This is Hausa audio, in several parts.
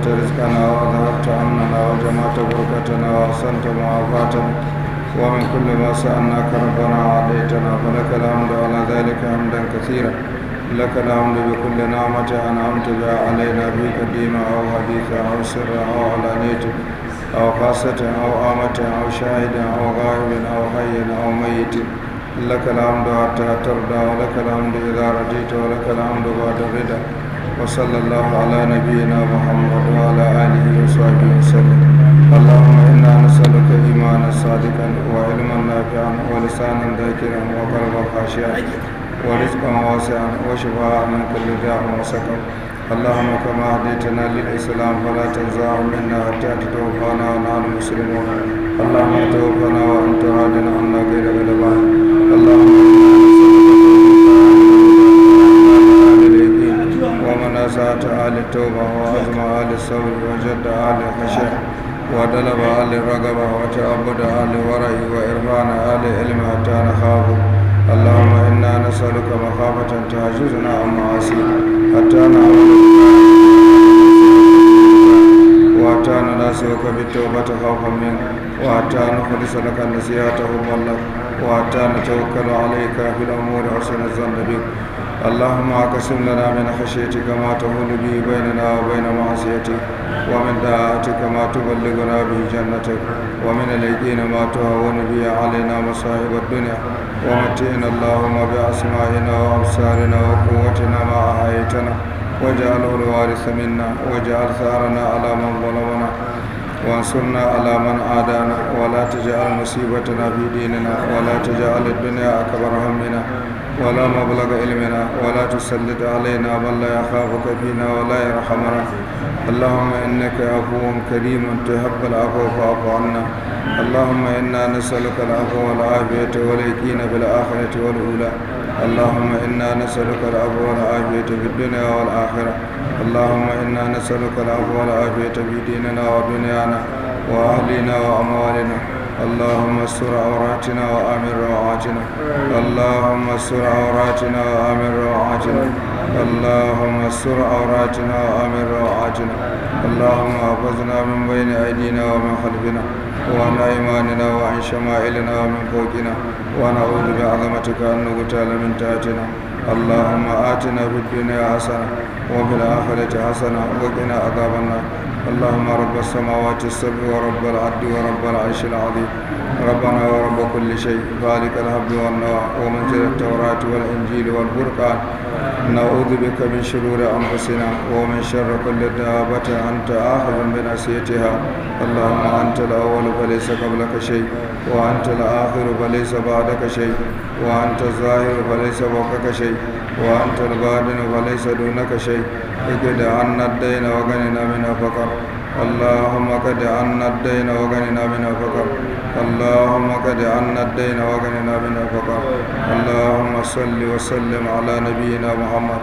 وأذهبت رزقنا وأذهبت أمننا وجمعت بركتنا وأحسنت معافاتنا ومن كل ما سألناك ربنا وعليتنا فلك الحمد على ذلك حمدا كثيرا لك الحمد بكل نعمة أنعمت بها علينا في قديمة أو حديثة أو سر أو علانية أو خاصة أو آمة أو شاهد أو غائب أو حي أو ميت لك الحمد حتى ترضى ولك الحمد إذا رضيت ولك الحمد بعد الرضا وصلى الله على نبينا محمد وعلى آله وصحبه وسلم اللهم إنا نسألك إيمانا صادقا وعلما نافعا ولسانا ذاكرا وقلبا خاشعا ورزقا واسعا وشفاء من كل داء وسقم اللهم كما هديتنا للإسلام فلا تنزع منا حتى تتوفانا ونحن مسلمون اللهم توفنا وأنت راض عنا غير غضبان اللهم آل توبة وعزم آل سول وجد آل خشع ودلب آل رقبة وتعبد آل ورع وإرمان آل علم حتى نخافه اللهم إنا نسألك مخافة تعجزنا عن معاصيك حتى نعبدك وأتى نناسبك بالتوبة خوفا منك وأتى نخلص لك النصيحة حبا لك وأتى نتوكل عليك في الأمور حسن الظن بك اللهم اقسم لنا من خشيتك ما تهون به بيننا وبين معصيتك ومن طاعتك ما تبلغنا به جنتك ومن اليقين ما تهون به علينا مصائب الدنيا ومتئنا اللهم باسمائنا وابصارنا وقوتنا ما احييتنا واجعله الوارث منا واجعل ثارنا على من ظلمنا وانصرنا على من عادانا ولا تجعل مصيبتنا في ديننا ولا تجعل الدنيا أكبر همنا ولا مبلغ علمنا ولا تسلط علينا من لا يخافك فينا ولا يرحمنا اللهم إنك عفو كريم تحب العفو فاعف عنا اللهم إنا نسألك العفو والعافية واليقين في الآخرة والأولى اللهم إنا نسألك العفو والعافية في الدنيا والآخرة اللهم إنا نسألك العفو والعافية في ديننا ودنيانا وأهلنا وأموالنا اللهم استر عوراتنا وآمن روعاتنا اللهم استر عوراتنا وآمن روعاتنا اللهم استر عوراتنا وآمن روعاتنا اللهم احفظنا من بين أيدينا ومن خلفنا وعن أيماننا وعن شمائلنا ومن فوقنا ونعوذ بعظمتك أن نغتال من تحتنا اللهم آتنا في الدنيا حسنة وفي الآخرة حسنة وقنا عذاب النار اللهم رب السماوات السبع ورب العد ورب العرش العظيم ربنا ورب كل شيء خالق الهب والنوى ومنزل التوراة والإنجيل والفرقان نعوذ بك من شرور أنفسنا ومن شر كل دابة أنت آخذ أسيتها اللهم أنت الأول فليس قبلك شيء وأنت الآخر فليس بعدك شيء وأنت الظاهر فليس فوقك شيء وأنت الباطن فليس دونك شيء اجد عنا الدين وغننا من فقر اللهم قد عنا الدين وغننا بنا فقر اللهم قد عنا الدين وغننا بنا فقر اللهم صل وسلم على نبينا محمد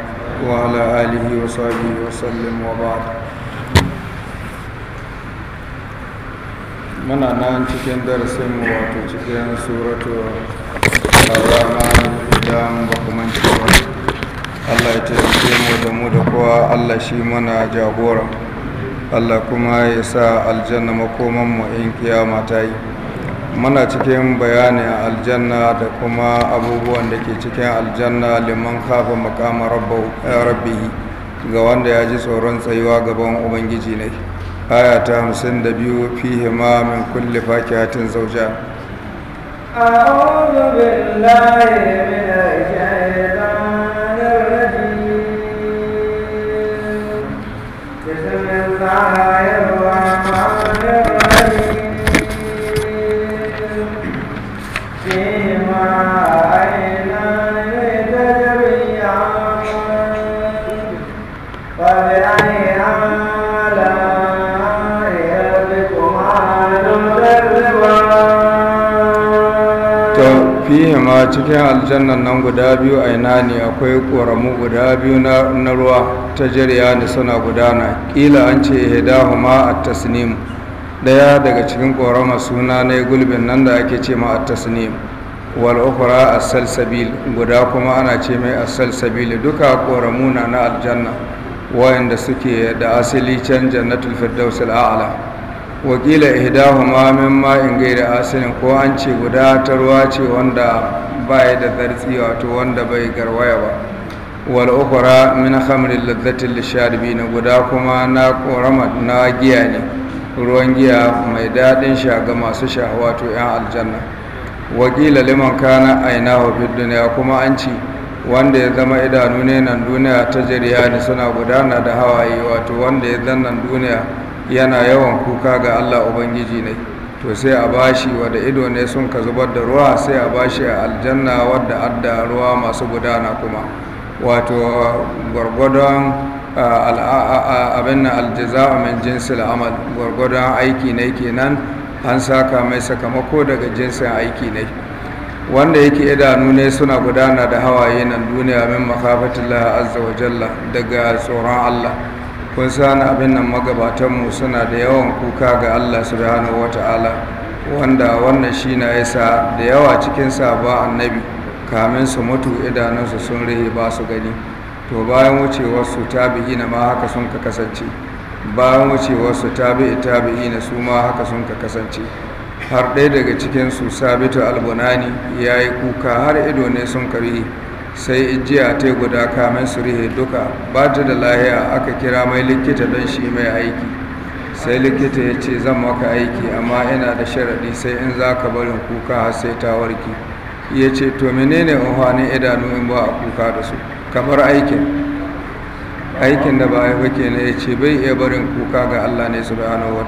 وعلى آله وصحبه وسلم وبعد muna nan cikin darasin mu wato cikin suratu ar-rahman idan ba Allah ya taimake mu da mu da kowa Allah shi mana jagora Allah kuma ya sa aljanna makoman mu in kiyama ta yi muna cikin bayanin aljanna da kuma abubuwan da ke cikin aljanna liman kafa makama eh, rabbi ga wanda ya ji tsoron tsayuwa gaban ubangiji ne aya ta hamsin da biyu fi hima min kulle fakihatin zauja a'udhu billahi Bye. a cikin aljannan nan guda biyu a ina ne akwai ƙoramu guda biyu na ruwa ta jariya ne suna gudana ƙila an ce hidahuma a tasnim ɗaya daga cikin ƙorama suna na gulbin nan da ake ce ma a tasnim wal ukhra salsabil guda kuma ana ce mai as-salsabil duka ƙoramu na na aljanna wayanda suke da asali can jannatul firdaus al-a'la wakila ihdahuma min in gaira asalin ko an ce guda ta ruwa ce wanda baya da zartsi wato wanda bai garwaya ba wal ukura min khamrin lazzatin na guda kuma na korama na giya ne ruwan giya mai daɗin sha ga masu sha wato 'yan aljanna wakila liman kana aina wa duniya kuma an ci wanda ya zama idanu ne nan duniya ta jariya ne suna gudana da hawaye wato wanda ya zan duniya yana yawan kuka ga allah ubangiji ne to sai a bashi wadda ido ne sun ka zubar da ruwa sai a bashi a aljanna wadda adda ruwa masu gudana kuma wato gwargwadon abin na aljaza min jinsil amal gwargwadon aiki ne kenan an saka mai sakamako daga jinsin aiki ne wanda yake idanu ne suna gudana da hawaye nan duniya min makafatillah azza wa jalla daga tsoron allah kun sani abin nan magabatanmu suna da yawan kuka ga allah subhanahu wata'ala wanda wannan shi na yasa da yawa cikin ba annabi kamin su mutu idanunsu sun rihe ba su gani to bayan wucewarsu na ma haka sun ka kasance bayan wucewarsu tabi'i na su ma haka sun ka kasance har ɗaya daga cikinsu sabitu albunani ya yi kuka har ido ne sun karihi sai ijiya ta guda kamin su rihe duka ba ta da lahiya aka kira mai likita don shi mai aiki sai likita ya ce zan maka aiki amma ina da sharaɗi sai in za ka barin kuka har sai ta warki ya ce to menene amfanin idanu in ba a kuka da su kamar aikin aikin da ba a yi ne ya ce bai iya barin kuka ga Allah ne subhanahu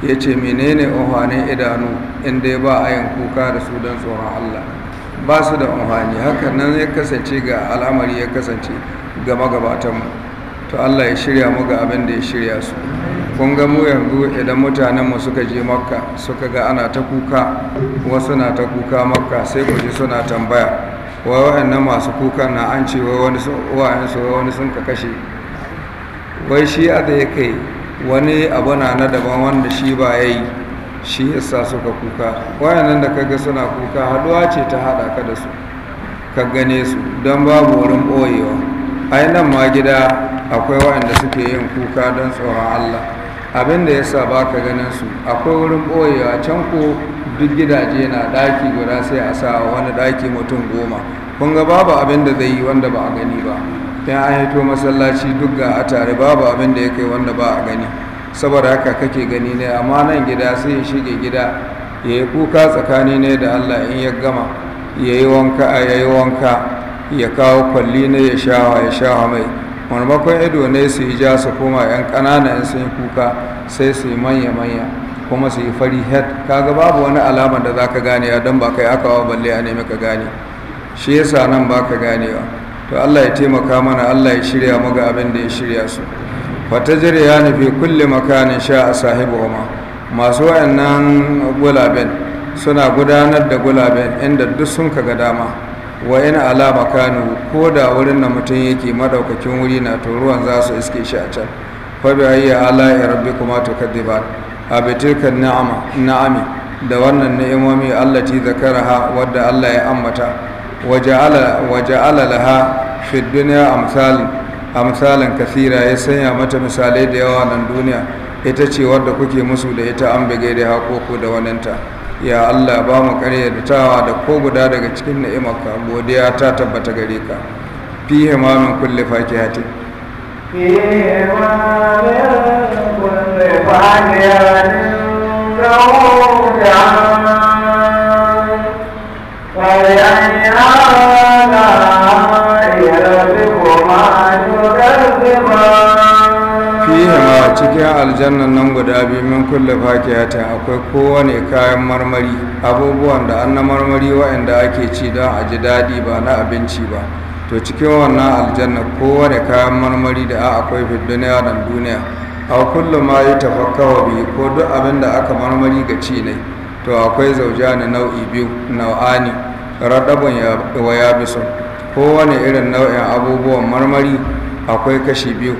ya ce menene amfanin idanu in dai ba a yin kuka da su don tsoron Allah ba su da amfani haka nan ya kasance ga al'amari ya kasance ga magabatanmu to Allah ya shirya mu ga abin da ya shirya su kun ga mu yanzu idan mutanenmu suka je makka suka ga ana ta kuka wasu na ta kuka makka sai ku ji suna tambaya wai wa'annan masu kukan na an ce wai wani wa'ansu wai wani sun ka kashe wai shi a da ya kai wani abu na na daban wanda shi ba ya yi shi yasa suka kuka wayannan da kaga suna kuka haduwa ce ta hada ka da su ka gane su don babu wurin boyewa ai nan ma gida akwai waɗanda suke yin kuka don tsoron Allah abin da yasa ba ka ganin su akwai wurin boyewa can ko duk gidaje na daki guda sai a sa wani daki mutum goma kun ga babu abin da zai yi wanda ba a gani ba ya an masallaci duk ga a tare babu abin da ya kai wanda ba a gani saboda haka kake gani ne amma nan gida sai ya shige gida ya yi kuka tsakani ne da allah in ya gama ya yi wanka a ya yi wanka ya kawo kwalli ne ya shawa ya shawa mai marmakon ido ne su yi ja su koma yan ƙanana 'yan sun yi kuka sai su yi manya-manya kuma su yi fari head kaga babu wani alama da za ka gane a don ba kai aka wa balle a nemi ka gane shi yasa nan baka ganewa to allah ya taimaka mana allah ya shirya maga abin da ya shirya su wata ya nufi kulle makanin sha a sahibu ma masu wayannan gulaben suna gudanar da gulaben inda duk sun kaga dama wa ina ala makanu ko da wurin da mutum yake madaukakin wuri na to ruwan za su iske shi a can fa bi ayya ala ya rabbi kuma to kadiba a bitilkan na'ama na'ami da wannan ni'imomi allati ha wadda Allah ya ambata Waje ja'ala laha fi dunya amsalin A misalin kasira ya sanya mata misalai da yawa nan duniya ita ce wadda kuke musu da ita an bige da haƙoƙo da waninta ya Allah ba mu ƙarya da ko guda daga cikin ni'imarka godiya ta tabbata gare ka fi himamin kulle faki hati. cikin aljannan nan guda biyu min kulle fakiyata akwai kowane kayan marmari abubuwan da an na marmari waɗanda ake ci don a ji daɗi ba na abinci ba to cikin wannan aljanna kowane kayan marmari da a akwai fi duniya nan duniya a kullum ma yi tafakkawa biyu ko duk abin da aka marmari ga ci ne to akwai zaujani nau'i biyu nau'ani ya wa yabisun kowane irin nau'in abubuwan marmari akwai kashi biyu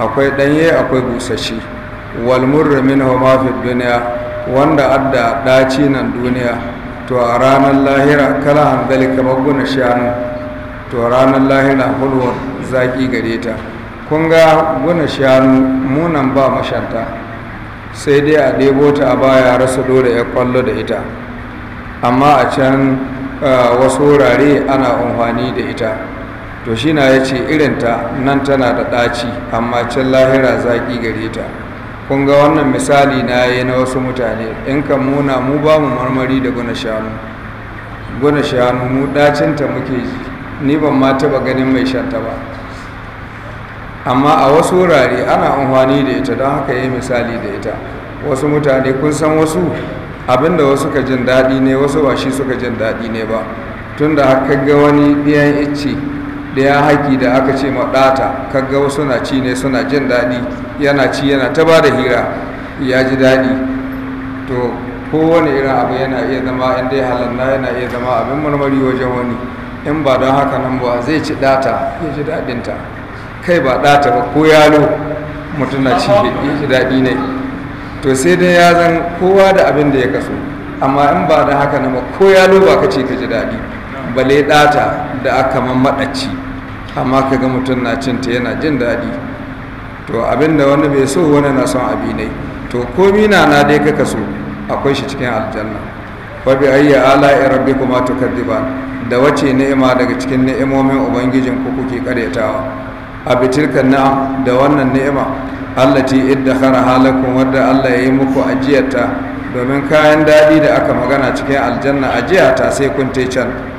akwai ɗanye akwai busashi walmurra min duniya wanda adda ɗaci nan duniya to a ranar lahira kala hanzali kamar guna shanu to ranar lahira hulwar zaƙi gare ta kun ga guna shanu munan ba mashanta sai dai a ɗebo ta a baya rasa dole ya kwallo da ita amma a can eh, wasu wurare ana amfani da ita to shi na ya ce irinta nan tana da ɗaci amma can lahira zaƙi gare ta kun ga wannan misali na yi na wasu mutane in kan muna mu ba mu marmari da guna shanu guna shanu mu ɗacinta muke ni ban ma taɓa ganin mai shanta ba amma a wasu wurare ana amfani da ita don haka yi misali da ita wasu mutane kun san wasu abinda wasu ka jin daɗi ne wasu ba shi suka jin daɗi ne ba tun da haka ga wani biyan icce da ya haƙi da aka ce maɗata kaga wasu na ci ne suna jin daɗi yana ci yana ta ba da hira ya ji daɗi to kowane irin abu yana iya zama in dai halanna yana iya zama abin marmari wajen wani in ba don haka nan ba zai ci ɗata ya ji daɗinta kai ba ɗata ba ko yalo mutum na ci ya ji daɗi ne to sai dai ya zan kowa da abin da ya kaso amma in ba don haka nan ba ko yalo ba ka ce ka ji daɗi bale ɗata da aka mamaɗaci amma ka ga mutum na cinta yana jin daɗi to abinda wani bai so wani na son abi ne to komi na na dai kaka so akwai shi cikin aljanna fa bi ayya ala'i rabbikuma tukadziban da wace ni'ima daga cikin ni'imomin ubangijin ku kuke karyatawa a bitirkan na'am da wannan ni'ima allati iddakhara halakum wadda Allah ya yi muku ajiyarta domin kayan daɗi da aka magana cikin aljanna ajiyata sai kun te can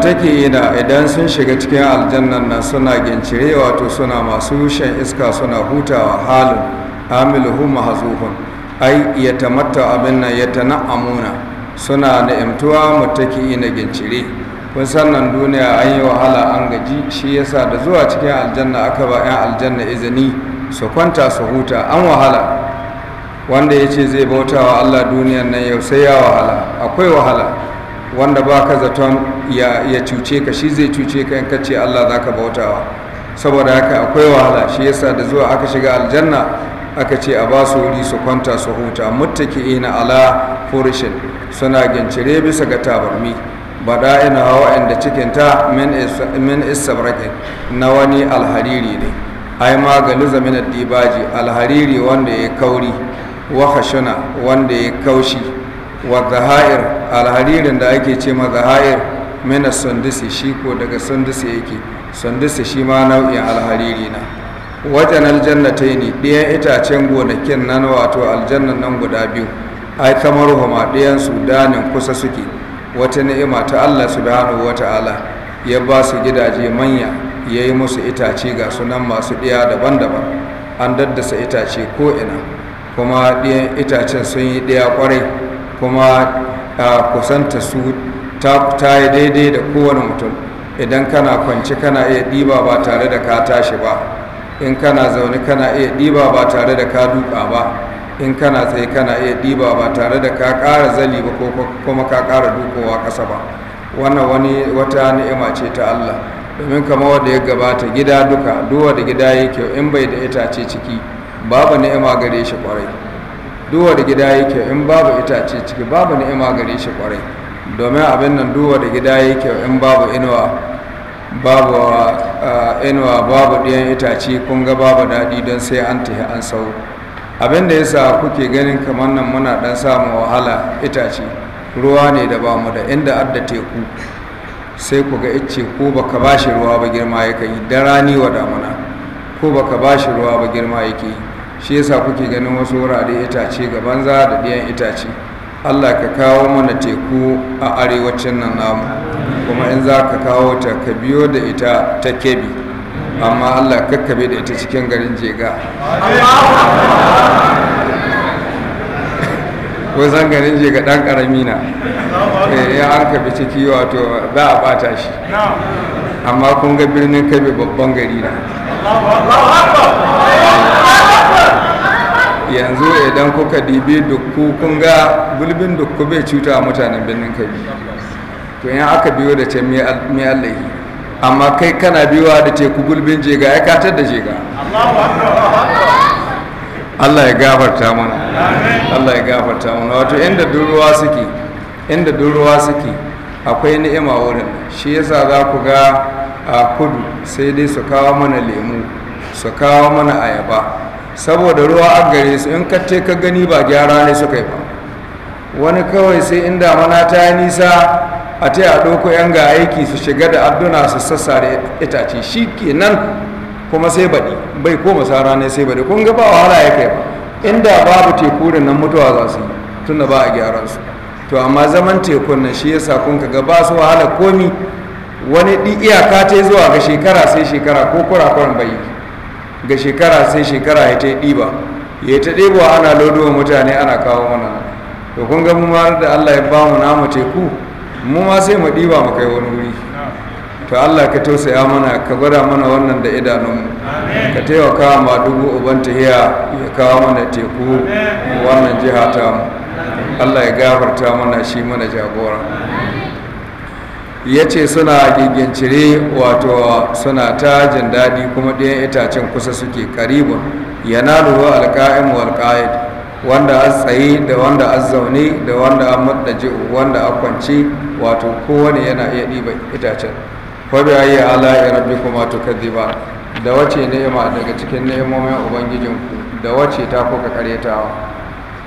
take na idan sun shiga cikin aljannan nan suna gincire wato suna masu shan iska suna hutawa halin amilu mahazuhun ai ya tamatta abin nan ya na'amuna suna na'imtuwa mutaki na gincire kun sannan duniya an yi wahala an gaji shi yasa da zuwa cikin aljanna aka ba 'yan aljanna izini su kwanta su huta an wahala wanda ya ce zai wa allah duniyan nan yau sai ya wahala akwai wahala wanda ba ka zaton ya cuce ka shi zai cuce ka in ka ce Allah za ka bautawa saboda haka akwai wahala shi yasa da zuwa aka shiga aljanna aka ce a ba su wuri su kwanta su huta ina ala furishin suna gincire bisa ga tabarmi ba hawa ina cikin cikinta min isabrakin na wani alhariri ne ai ma ga min dibaji alhariri wanda ya kauri wa wanda ya kaushi wa zahair alharirin da ake ce maza hayar mina sandisi shi ko daga sandisi yake sandisi shi ma nau'in alhariri na wajen aljannata ne ɗayan itacen gonakin nan wato aljannan nan guda biyu ai kamar homa ɗayan su danin kusa suke wata ni'ima ta allah subhanahu wa ta'ala ya ba su gidaje manya ya yi musu itace ga sunan masu ɗiya daban-daban an daddasa itace ko ina kuma ɗiyan itacen sun yi ɗaya ƙwarai, kuma kusanta su ta yi daidai da kowane mutum idan kana kwanci kana iya ɗiba ba tare da ka tashi ba in kana zaune kana iya ɗiba ba tare da ka duka ba in kana tsaye kana iya ɗiba ba tare da ka ƙara zali ba ko kuma ka ƙara dukowa ƙasa ba wannan wani wata ni'ima ce ta Allah domin kamar wanda ya gabata gida duka duwa da gida yake in bai da itace ciki babu ni'ima gare shi kwarai da gida yake in babu itace ciki babu ni'ima gare shi kwarai domin abin nan da gida yake in babu inuwa babu eh, inuwa babu ɗiyan itace kun ga babu daɗi don sai an tafi an sau abin da yasa kuke ganin kamar nan muna ɗan samun wahala itace ruwa ne da ba da inda adda teku sai ku ga icce ko baka ba shi ruwa ba girma yake yi da rani wa damuna ko baka ba shi ruwa ba girma yake yi shi yasa kuke ganin wasu wurare itace ga banza da biyan itace allah ka kawo mana teku a arewacin nan namu kuma in za ka kawo ta ka biyo da ita ta kebi amma allah kakkabe da ita cikin garin jega ko garin jega ɗan ƙarami na ya eh, an kabi ciki wato ba a bata shi amma kun ga birnin kabe babban gari na yanzu idan kuka dibi dukku kun ga gulbin dukku bai cuta a mutanen birnin kabi to yan aka biyo da ce mai allahi amma kai kana biyowa da teku gulbin jega ya katar da jega allah ya gafarta mana allah ya gafarta mana wato inda duruwa suke inda duruwa suke akwai ni'ima wurin shi yasa za ku ga a kudu sai dai su kawo mana lemu su kawo mana ayaba saboda ruwa an gare su in katte ka gani ba gyara ne suka yi ba wani kawai sai inda mana ta yi nisa a ta a ɗauko yan ga aiki su shiga da adduna su sassa da itace shi ke nan kuma sai baɗi bai ko sara ne sai baɗi kun ga ba wahala ya kai ba inda babu teku da nan mutuwa za su yi tunda ba a gyaran su to amma zaman tekun nan shi yasa kun ga ba su wahala komi wani ɗi iyaka ta zuwa ga shekara sai shekara ko kurakuran bai yi ga shekara sai shekara ya ta ɗiba ya ta ɗiba ana lodowa mutane ana kawo mana to kun ga ma da Allah ya bamu namu teku mu ma sai mu ɗiba mu kai wani wuri to Allah ka tausaya mana ka gwada mana wannan da idanunmu ka taimaka ma dubu uban tahiya ya kawo mana teku wannan jiha ta Allah ya gafarta mana shi mana jagora ya ce suna gigincire wato suna ta jin daɗi kuma ɗayan itacen kusa suke karibu yana ruwa alƙa'in walƙa'id wanda a tsaye da wanda a zaune da wanda a maɗaje wanda a kwance wato kowane yana iya ɗiba itacen kwabi a ala ya rabbi kuma to ba. da wace ni'ima daga cikin ni'imomin ubangijinku da wace ta kuka karyatawa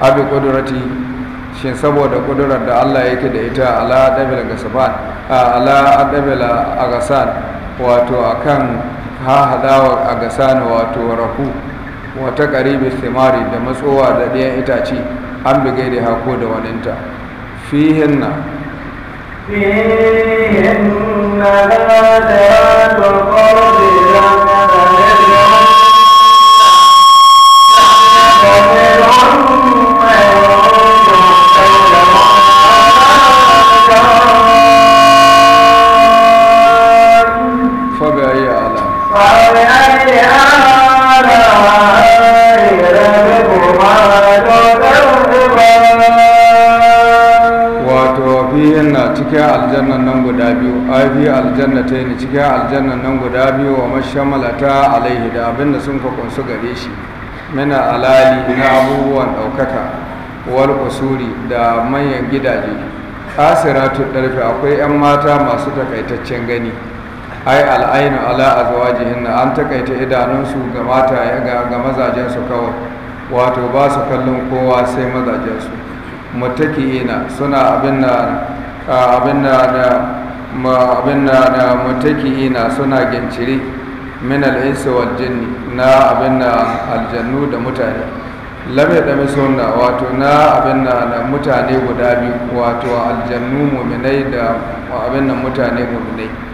abi kudurati shi saboda kudurar da Allah yake da ita ala dabil gasaban ala dabil agasan wato akan hadawa agasan wato rahu, wata qaribi simari da matsowa da ɗayan itace an bige da hako da waninta fihinna fihinna la da da cikin aljannan nan guda biyu ai fi aljanna ta yi cikin nan guda biyu wa mashamalata alaihi da abinda sun ka su gare shi mina alali na abubuwan ɗaukaka wal da manyan gidaje asiratun ɗarfe akwai 'yan mata masu takaitaccen gani ai al'ainu ala na, an takaita idanunsu ga mata ga mazajensu kawai wato ba su kallon kowa sai mazajensu mutaki'ina suna abin na na mutaki'ina suna ginciri min al'insu wal jinni na abin na aljannu da mutane da yadami suna, wato na abin na na mutane guda biyu wato aljannu mu'minai da abin na mutane mu'minai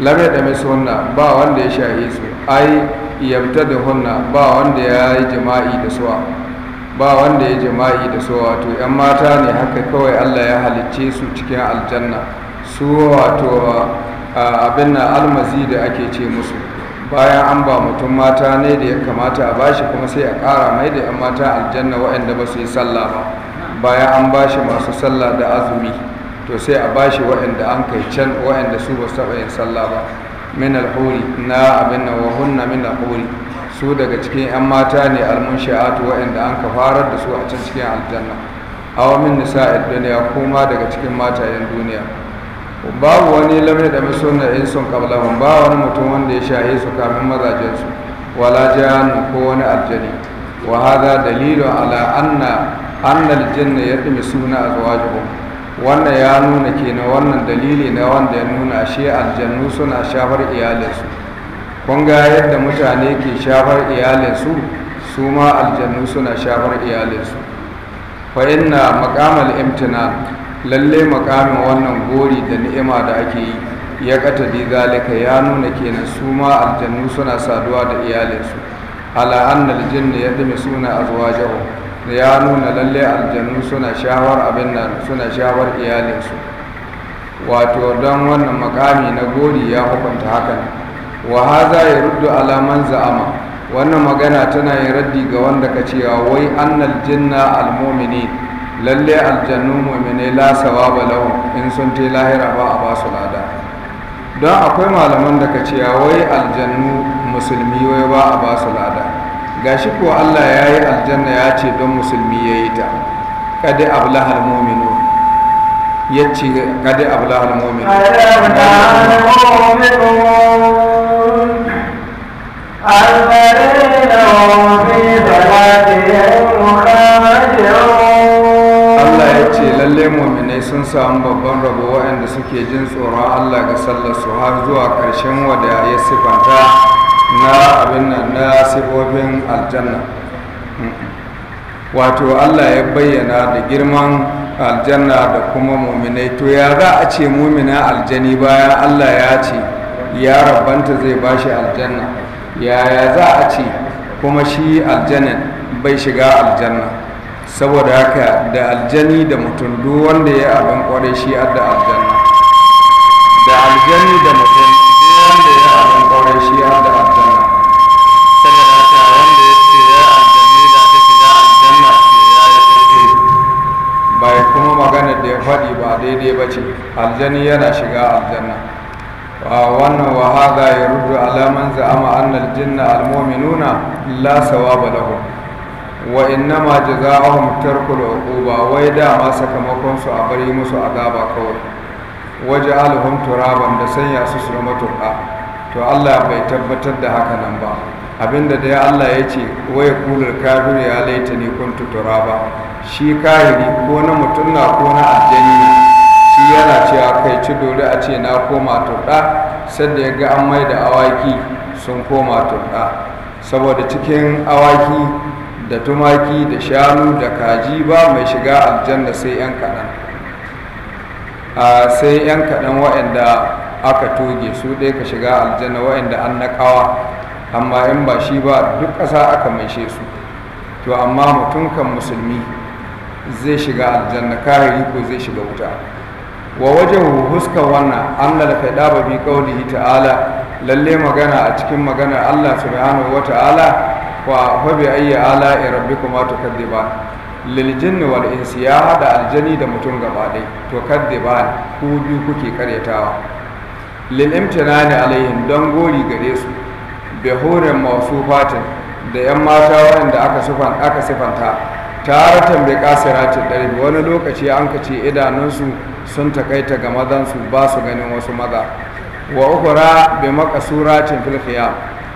lamar da suna ba wanda ya shahi su ai yabta da hunna ba wanda ya yi jima'i da suwa ba wanda ya jima'i da suwa wato yan mata ne haka kawai allah ya halicce su cikin aljanna su wato abin na almazi da ake ce musu bayan an ba mutum mata ne da ya kamata a bashi kuma sai a ƙara mai da yan mata aljanna waɗanda ba su yi sallah ba bayan an bashi masu sallah da azumi to sai a bashi waɗanda an kai can waɗanda su ba su taɓa yin sallah ba min alhuri na abin nan wa min alhuri su daga cikin yan mata ne almunshi'atu waɗanda an ka farar da su a can cikin aljanna awa min nisa'id duniya kuma daga cikin matayen duniya babu wani lamar da musulna in sun kablahun ba wani mutum wanda ya shahe su kamin mazajensu wala jahannam ko wani aljani wa hada dalilun ala anna anna aljanna yadmi suna azwajuhum wannan ya nuna kenan wannan dalili na wanda ya nuna ashe aljannu suna shafar iyalinsu kun ga yadda mutane ke shafar iyalinsu su ma aljannu suna shafar iyalinsu fa inna maqamal imtina lalle makamin wannan gori da ni'ima da ake yi ya kata zalika ya nuna kenan su ma aljannu suna saduwa da iyalinsu ala annal jinni yadmi suna azwajahu ya nuna lalle aljanu suna shawar abin nan suna shawar iyalinsu wato don wannan makami na gori ya hukunta hakan wa haza ya ruddu alaman za'ama wannan magana tana yin raddi ga wanda ka cewa wai annal jinna almomini lalle aljannu mumine la sawaba lahum in sun te lahira ba a ba su lada don akwai malaman da ka cewa wai aljannu musulmi wai ba a ba su lada gashi kuwa Allah ya yi aljanna ya ce don musulmi ya yi ta kadi ablahal halmominu!' ya ce kadi ablahal halmominu Allah ya ce lalle mu'minai sun samu babban rabo waɗanda suke jin tsoron Allah ga sallar su har zuwa ƙarshen wada ya sifanta na abin nan na sifofin aljanna wato allah ya bayyana da girman aljanna da kuma muminai to ya za a ce mumina aljani bayan allah ya ce ya rabanta zai bashi aljanna yaya za a ce kuma shi aljanin bai shiga aljanna saboda haka da aljani da mutum duk wanda ya abin kwarai shi adda aljanna da aljani da mutum da ya faɗi ba daidai ba ce aljani yana shiga aljanna wannan wa hada ya rudu alaman za'ama annal jinna almu'minuna la sawaba lahum wa innama jazaa'uhum tarkul uquba wai da ma sakamakon su a bari musu azaba kawai waje alhum turaban da sanya su su zama turka to Allah bai tabbatar da haka nan ba abinda dai Allah ya ce wai kulul kafir ya laita ni kuntu turaba shi kahiri ko na mutum na ko na aljani shi yana cewa kai ci dole a ce na koma turɗa sada ya ga an mai da awaki sun koma turɗa saboda cikin awaki da tumaki da shanu da kaji ba mai shiga aljanna sai 'yan kaɗan sai 'yan kaɗan waɗanda aka toge su ɗaya ka shiga aljanna waanda an na amma in ba shi ba duk ƙasa aka maishe su to amma mutum kan musulmi zai shiga aljanna kahiri ko zai shiga wuta wa wajen huskar wannan an faɗa daba bi kaulihi ta'ala lalle magana a cikin magana, allah subhanahu wa ta'ala wa hobi ayya ala rabbi kuma to ba? lil jinni wal insi ya hada aljani da mutum gaba dai to kaddiba ku biyu kuke karyatawa lil imtinani alaihim don gori gare su bi horin mawsufatin da yan mata waɗanda aka sifanta taratan bai kasiratin ɗari wani lokaci an ka ce idanunsu sun takaita ga mazansu ba su ganin wasu maza wa ukura bai makasuratin filfiya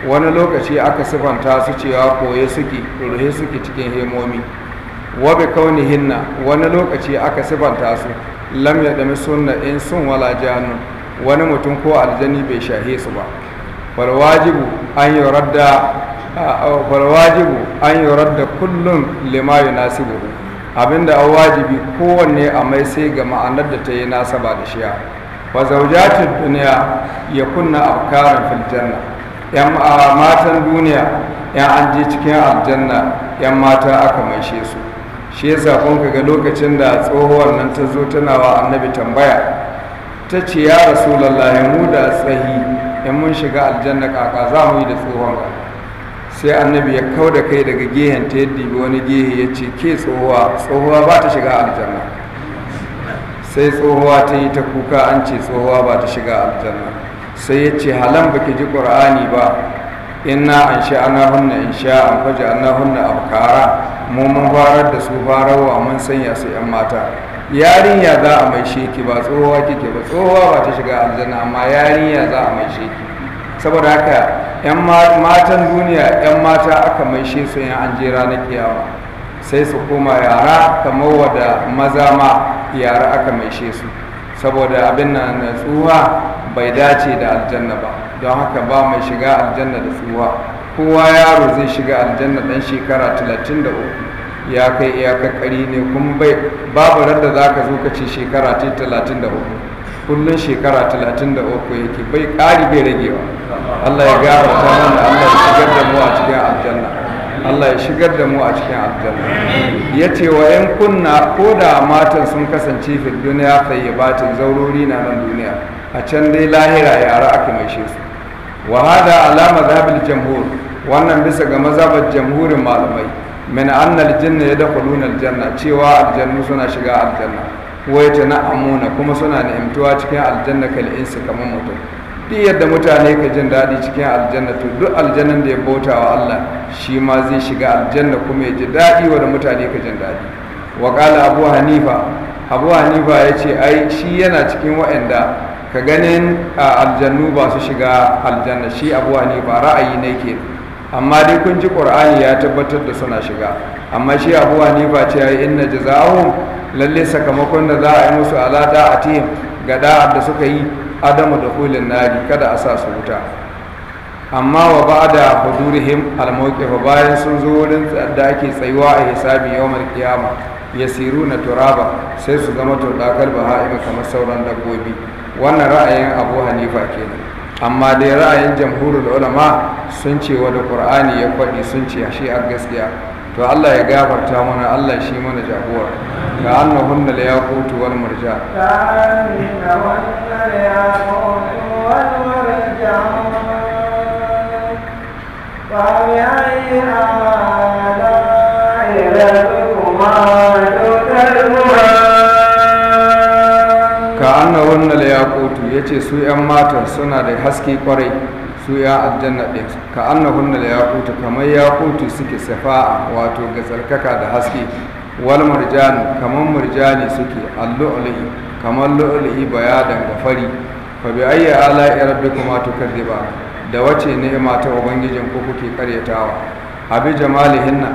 wani lokaci aka sifanta su cewa koye suke ruhe suke cikin hemomi wa bai kauni hinna wani lokaci aka sifanta su lam ya dami sunna in sun wala janu wani mutum ko aljani bai shahe su ba wajibu an yi radda falwajibu an yorar da kullum Limayu, yunasibu abinda an wajibi kowanne a mai sai ga ma'anar da ta yi nasa ba da shiya wa zaujatin duniya ya kunna afkarin filjanna yan matan duniya yan an je cikin aljanna yan mata aka maishe su shi yasa kun ga lokacin da tsohuwar nan ta zo tana wa annabi tambaya ta ce ya rasulullahi mu da tsahi in mun shiga aljanna kaka za mu yi da tsohon sai annabi ya kau da kai daga gehen ta yadda wani gehe ya ce ke tsohuwa tsohuwa ba ta shiga aljanna sai tsohuwa ta yi ta kuka an ce tsohuwa ba ta shiga aljanna sai ya ce halan ba ki ji ƙur'ani ba na an sha ana hunna in sha an faji ana hunna abkara mu mun farar da su farawa mun sanya su yan mata yarinya za a mai sheki ba tsohuwa kike ba tsohuwa ba ta shiga aljanna amma yarinya za a mai sheki saboda haka 'yan matan duniya 'yan mata aka maishe su yi an jera ranar kiyama sai su koma yara kamar wada maza ma yara aka maishe su saboda abin na tsuwa bai dace da aljanna ba don haka ba mai shiga aljanna da tsuwa kowa yaro zai shiga aljanna dan shekara 33 ya kai iyakar kari ne kuma babu radda za ka zo ka ce shekara 33 kullun shekara 33 yake bai ƙari bai ragewa Allah ya ta mana Allah ya shigar da mu a cikin aljanna Allah ya shigar da mu a cikin aljanna ya ce wa yan kunna ko da matan sun kasance fil duniya tayyibatin zaurori na nan duniya a can dai lahira yara aka mai shi su wa hada alama zabil jamhur wannan bisa ga mazhabar jamhurin malamai min annal jinna yadkhuluna aljanna cewa aljannu suna shiga aljanna wai na Amuna kuma suna ni'imtuwa cikin aljanna kal insu kamar mutum duk yadda mutane ka jin daɗi cikin aljanna to duk aljannan da ya bauta wa Allah shi ma zai shiga aljanna kuma ya ji daɗi wa mutane ka jin daɗi wa abu hanifa abu hanifa ya ce ai shi yana cikin waɗanda ka ganin aljannu ba su shiga aljanna shi abu hanifa ra'ayi ne kenan amma dai kun ji qur'ani ya tabbatar da suna shiga amma shi abu hanifa ce yayi inna jazaa'uhum lalle sakamakon da za a yi musu a da'atihim ga da'ar da suka yi adamu da hulin nari kada a sa su wuta amma wa ba'da hudurihim al fa bayan sun zo wurin da ake tsayuwa a hisabi yawmal qiyama yasiruna turaba sai su zama turdakal baha'im kamar sauran dabbobi wannan ra'ayin abu hanifa kenan amma da ya ra'ayin jamhurul ulama sun ce wanda ƙur'ani ya faɗi sun ce shi a gaskiya to Allah ya gafarta mana Allah shi mana jagora Ga hannu la yaqutu wal marja la yaqutu wal ya anna wannan layakutu ya ce su ‘yan matan suna da haske kwarai su ya aljanna ɗin ka annahun wannan layakutu kamar yakutu suke safa wato ga tsarkaka da haske wal jani kamar murjani suke allu'uli kamar lu'uli bayadan ga fari fa bi ayyi ala'i rabbikuma tukadiba da wace ni'ima ta ubangijin ku kuke karyatawa abi jamali hinna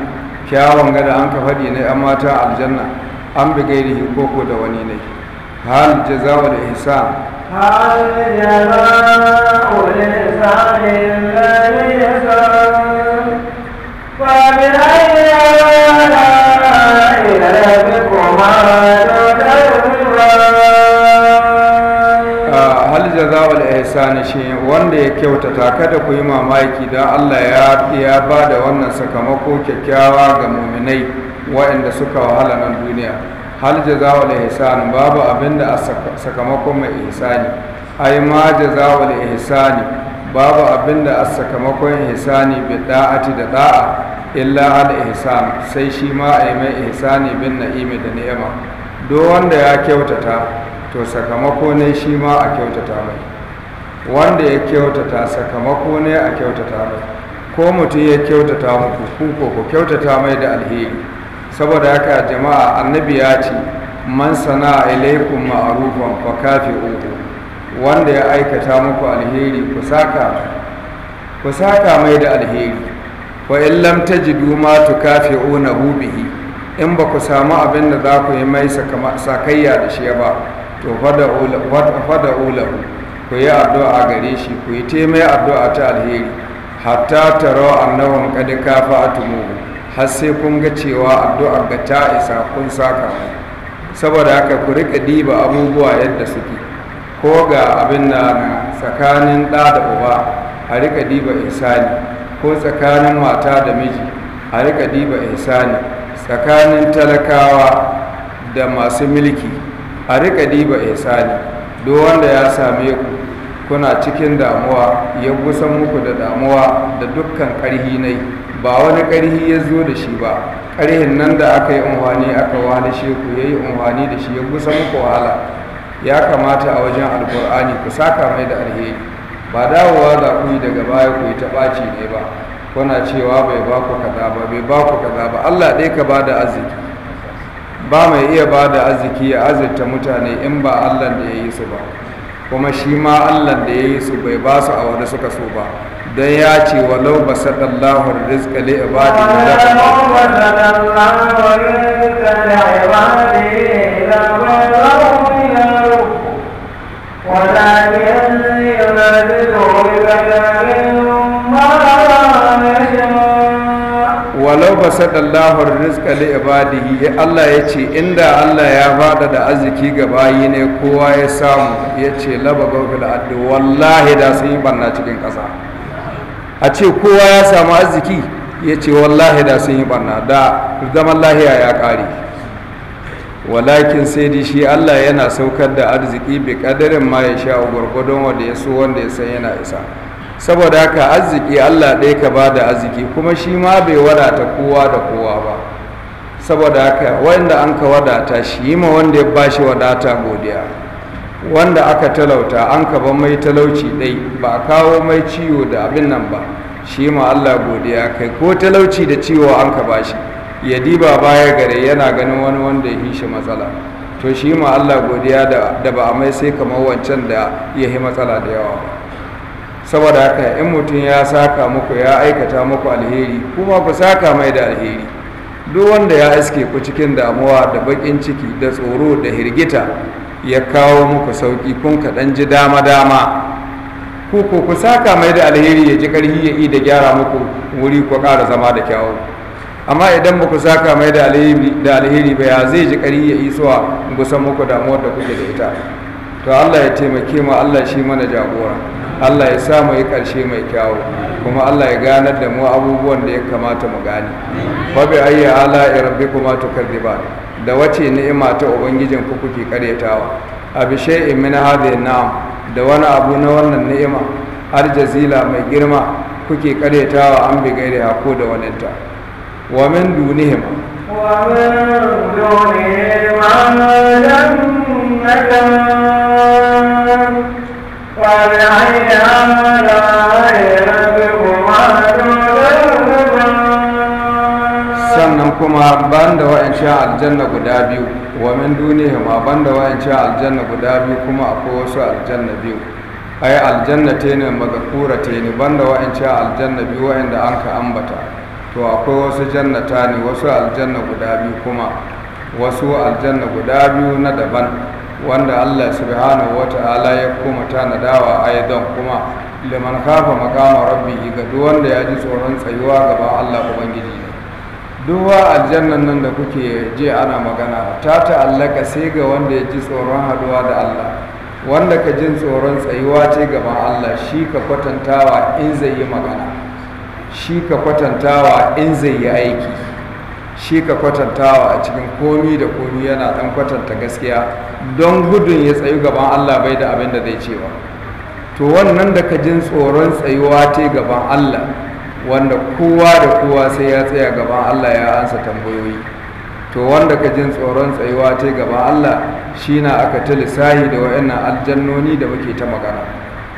kyawun gada an ka faɗi ne ‘yan mata aljanna an bi ko koko da wani ne هل جزاء الإحسان هل جزاء الإحسان إلا الإحسان فبأي آلاء ربكما hal jaza'ul ihsani shi wanda ya kyautata kada ku yi mamaki don Allah ya ya ba da wannan sakamako kyakkyawa ga muminai wa'inda suka wahala nan duniya hal jaza'ul ihsan babu abinda a sakamakon mai ihsani ai ma jaza'ul ihsani babu abinda a sakamakon ihsani bi da'ati da da'a illa al ihsan sai shi ma ai mai ihsani bin na'imi da ni'ima do wanda ya kyautata to sakamako ne shi ma a kyautata mai wanda ya kyautata sakamako ne a kyautata mai ko mutum ya kyautata muku ku ko ku kyautata mai da alheri saboda haka jama'a annabi ya ce man sana ilaikum ma'arufan fa uku. wanda ya aikata muku alheri ku saka ku mai da alheri wa in lam tajidu ma tukafi'una bihi in ba ku samu abin da za ku yi mai sakayya da shi ba to fada ulahu ku yi addu'a gare shi ku yi taimai addu'a ta alheri hatta taro annahum kad kafa'atumuhu har sai kun ga cewa addu'ar ga ta isa kun saka saboda haka ku riƙa diba abubuwa yadda suke ko ga abin na tsakanin ɗa da uba a riƙa diba ihsani ko tsakanin mata da miji a riƙa diba ihsani tsakanin talakawa da masu milki a riƙa diba ihsani duk wanda ya same ku kuna cikin damuwa ya kusan muku da damuwa da dukkan ƙarhi na yi ba wani ƙarhi ya zo da shi ba ƙarhin nan da aka yi unhwani aka wani sheku ya yi unhwani da shi ya gusa muku wahala ya kamata a wajen alkur'ani ku saka mai da alheri ba dawowa za ku yi daga baya ku yi ta ɓaci ne ba kuna cewa bai ba ku kaza ba bai ba ku kaza ba allah ɗaya ka ba da arziki ba mai iya bada da arziki ya azirta mutane in ba allah da ya yi su ba kuma shi ma allah da ya yi su bai ba su a wani suka so ba don ya ce walau ba sadallahu rizqa li ibadi la walau ba rizka rizqa li ya Allah ya ce inda Allah ya fada da arziki ga bayi ne kowa ya samu ya ce laba gafil addu wallahi da sun yi barna cikin ƙasa a ce kowa ya samu arziki ya ce wallahi da sun yi barna da zaman lahiya ya ƙare walakin sai shi allah yana saukar da arziki bi kadarin ma ya sha gwargwadon wanda ya so wanda ya san yana isa saboda haka arziki allah ɗaya ka ba da arziki kuma shi ma bai wadata kowa da kowa ba saboda haka wanda an ka wadata shi ma wanda ya ba shi wadata godiya wanda aka talauta an kaba mai talauci dai ba a kawo mai ciwo da abin nan ba shi ma Allah godiya kai ko talauci da ciwo an ka bashi ya diba baya gare yana ganin wani wanda ya shi matsala to shi ma Allah godiya da ba a mai sai kamar wancan da ya yi matsala da yawa saboda haka in mutum ya saka muku ya aikata muku alheri kuma ku saka mai da alheri duk wanda ya iske ku cikin damuwa da bakin ciki da tsoro da hirgita ya kawo muku sauki kun kaɗan ji dama dama ku ko ku saka mai da alheri ya ji karhi ya da gyara muku wuri ku ƙara zama da kyawu amma idan ba ku saka mai da alheri ba ya zai ji karhi ya yi suwa san muku damuwar da kuke da ita to allah ya taimake mu allah shi mana jagora Allah ya sa mu yi ƙarshe mai kyawu kuma Allah ya ganar da mu abubuwan da ya kamata mu gane fa bi ayyi ala rabbikuma tukadziban da wace ni'ima ta ubangijin ku kuke karyatawa abishe min hadhihi na'am da wani abu na wannan ni'ima har jazila mai girma kuke karyatawa an bi gaire ko da waninta wa min dunihim wa min dunihim nakam wa kuma ban da wa'ancan aljanna guda biyu wa min ma ban da wa'ancan aljanna guda biyu kuma akwai wasu aljanna biyu ai aljanna te ne magakura te ne ban da wa'ancan aljanna biyu wa'anda an ka ambata to akwai wasu jannata ne wasu aljanna guda biyu kuma wasu aljanna guda biyu na daban wanda Allah subhanahu wata'ala ya kuma tanadawa aidan kuma liman kafa makama rabbi ga duk wanda ya ji tsoron tsayuwa gaban Allah ubangiji duwa aljannan nan da kuke je ana magana ta ta'allaka sai ga wanda ya ji tsoron haduwa da Allah wanda ka jin tsoron tsayuwa ce gaban Allah shi ka kwatantawa in zai yi magana shi ka kwatantawa in zai yi aiki shi ka kwatantawa a cikin komi da komi yana dan kwatanta gaskiya don gudun ya tsayu gaban Allah bai da abin da zai ce to wannan da ka jin tsoron tsayuwa ce gaban Allah wanda kowa da kowa sai ya tsaya gaban Allah ya ansa tambayoyi to wanda ka jin tsoron tsayuwa ta gaban Allah shi na aka ta lissahi da wa'annan aljannoni da muke ta magana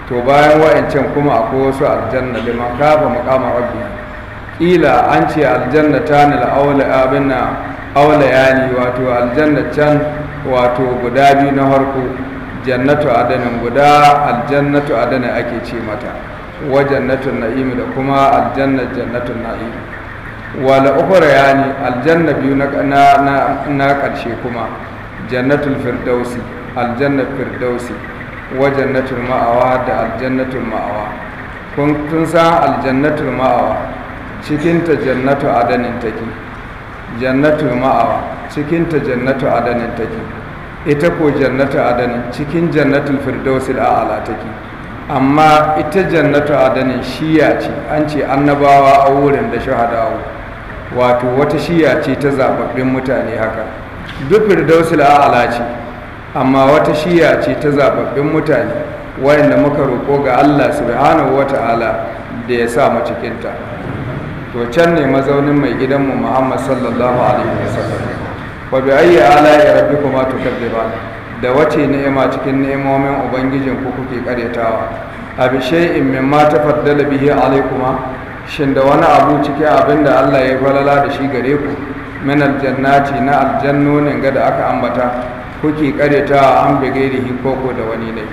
to bayan wa'ancan kuma akwai wasu aljanna da makafa makama rabbi kila an ce aljanna ta nila aula abinna aula yani wato aljanna can wato guda biyu na harko jannatu adanin guda aljannatu adana ake ce mata wa jannatun na'im da kuma aljanna jannatun na'im wal ukhra yani aljanna biyu na na na karshe kuma jannatul firdausi aljanna firdausi wa jannatul ma'awa da aljannatul ma'awa kun tun san aljannatul ma'awa ta jannatu adanin take jannatul ma'awa Cikin ta jannatu adanin take ita ko jannatu adanin cikin jannatul firdausil a'ala take amma ita jannatu adanin shiya ce an ce annabawa a wurin da shahadawo wato wata shiya ce ta zababbin mutane haka duk firdausul la'ala ce amma wata shiya ce ta zababbin mutane wayanda muka roƙo ga Allah subhanahu wata'ala da ya sa mu cikin ta to can ne mazaunin mai gidanmu Muhammad sallallahu alaihi wasallam wa bi ayyi ala'i rabbikuma tukadzibana da wace ni'ima cikin ni'imomin ubangijin ku kuke karyatawa abi shay'in min ma tafaddala bihi alaikuma shin da wani abu cikin abin da Allah ya falala da shi gare ku min aljannati na aljannonin ga da aka ambata kuke karyatawa an bigairihi koko da wani ne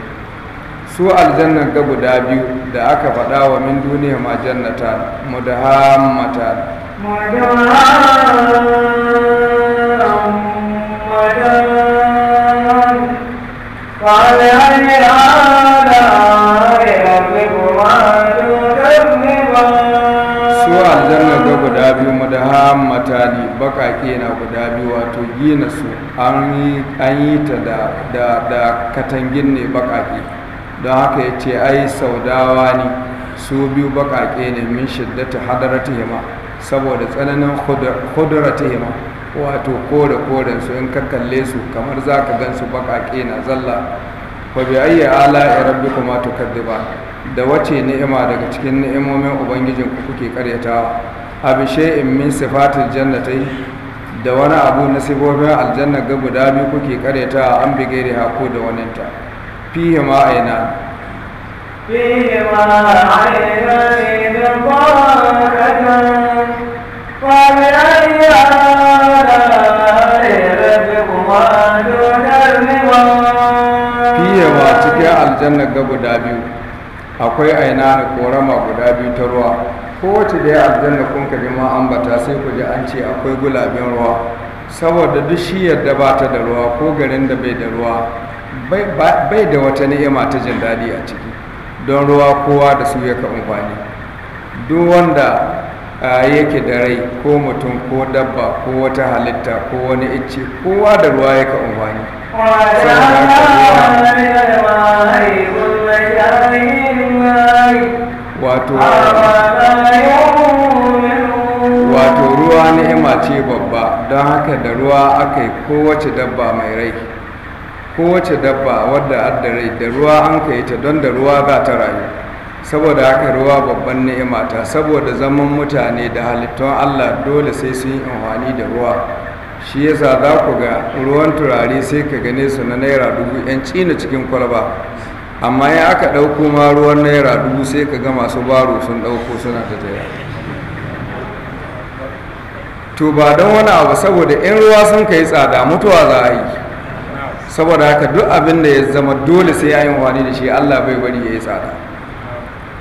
su aljannan ga guda biyu da aka faɗa wa min duniya ma jannata mudahammata mudahammata قال هل su aljanna ga guda biyu madahammata ne bakake na guda biyu wato gina su an yi ta da katangin ne bakake don haka ya ce ai saudawa ne su biyu bakake ne min shiddata hadarata hima saboda tsananin ta hima wato kore koren su in ka kalle su kamar za ka gan su baƙaƙe na zalla ba bi ala, kuma ala'i rabbikuma ba. da wace ni'ima daga cikin ni'imomin ubangijin ku kuke karyatawa abi shay'in min sifatil jannatai da wani abu na sifofin aljanna ga guda biyu kuke karyatawa an bigere ko da waninta fihi ma aina fihi ma aina min qarakatan Ba bi ayyi aljannar ga guda biyu akwai aina da korama guda biyu ta ruwa kowace da ya aljanna kun ka ji ambata sai ku ji an ce akwai gulabin ruwa saboda duk shi yadda ba ta da ruwa ko garin da bai da ruwa bai da wata ni'ima ta jin daɗi a ciki don ruwa kowa da su ya ka amfani duk wanda A yake da rai ko mutum ko dabba ko wata halitta ko wani icce kowa da ruwa ya ka umarni wato ruwa ni'ima ce babba don haka da ruwa aka yi kowace dabba mai rai kowace dabba wadda adda rai da ruwa an ka yi ta don da ruwa za ta rayu saboda haka ruwa babban ni'ima ta saboda zaman mutane da halittun Allah dole sai sun yi amfani da ruwa shi yasa za ku ga ruwan turare sai ka gane su na naira dubu yan cina cikin kwalba amma ya aka ɗauko ma ruwan naira dubu sai ka ga masu baro sun ɗauko suna ta taya to ba don wani abu saboda in ruwa sun kai tsada mutuwa za a yi saboda haka duk abin da ya zama dole sai ya yi wani da shi Allah bai bari ya yi tsada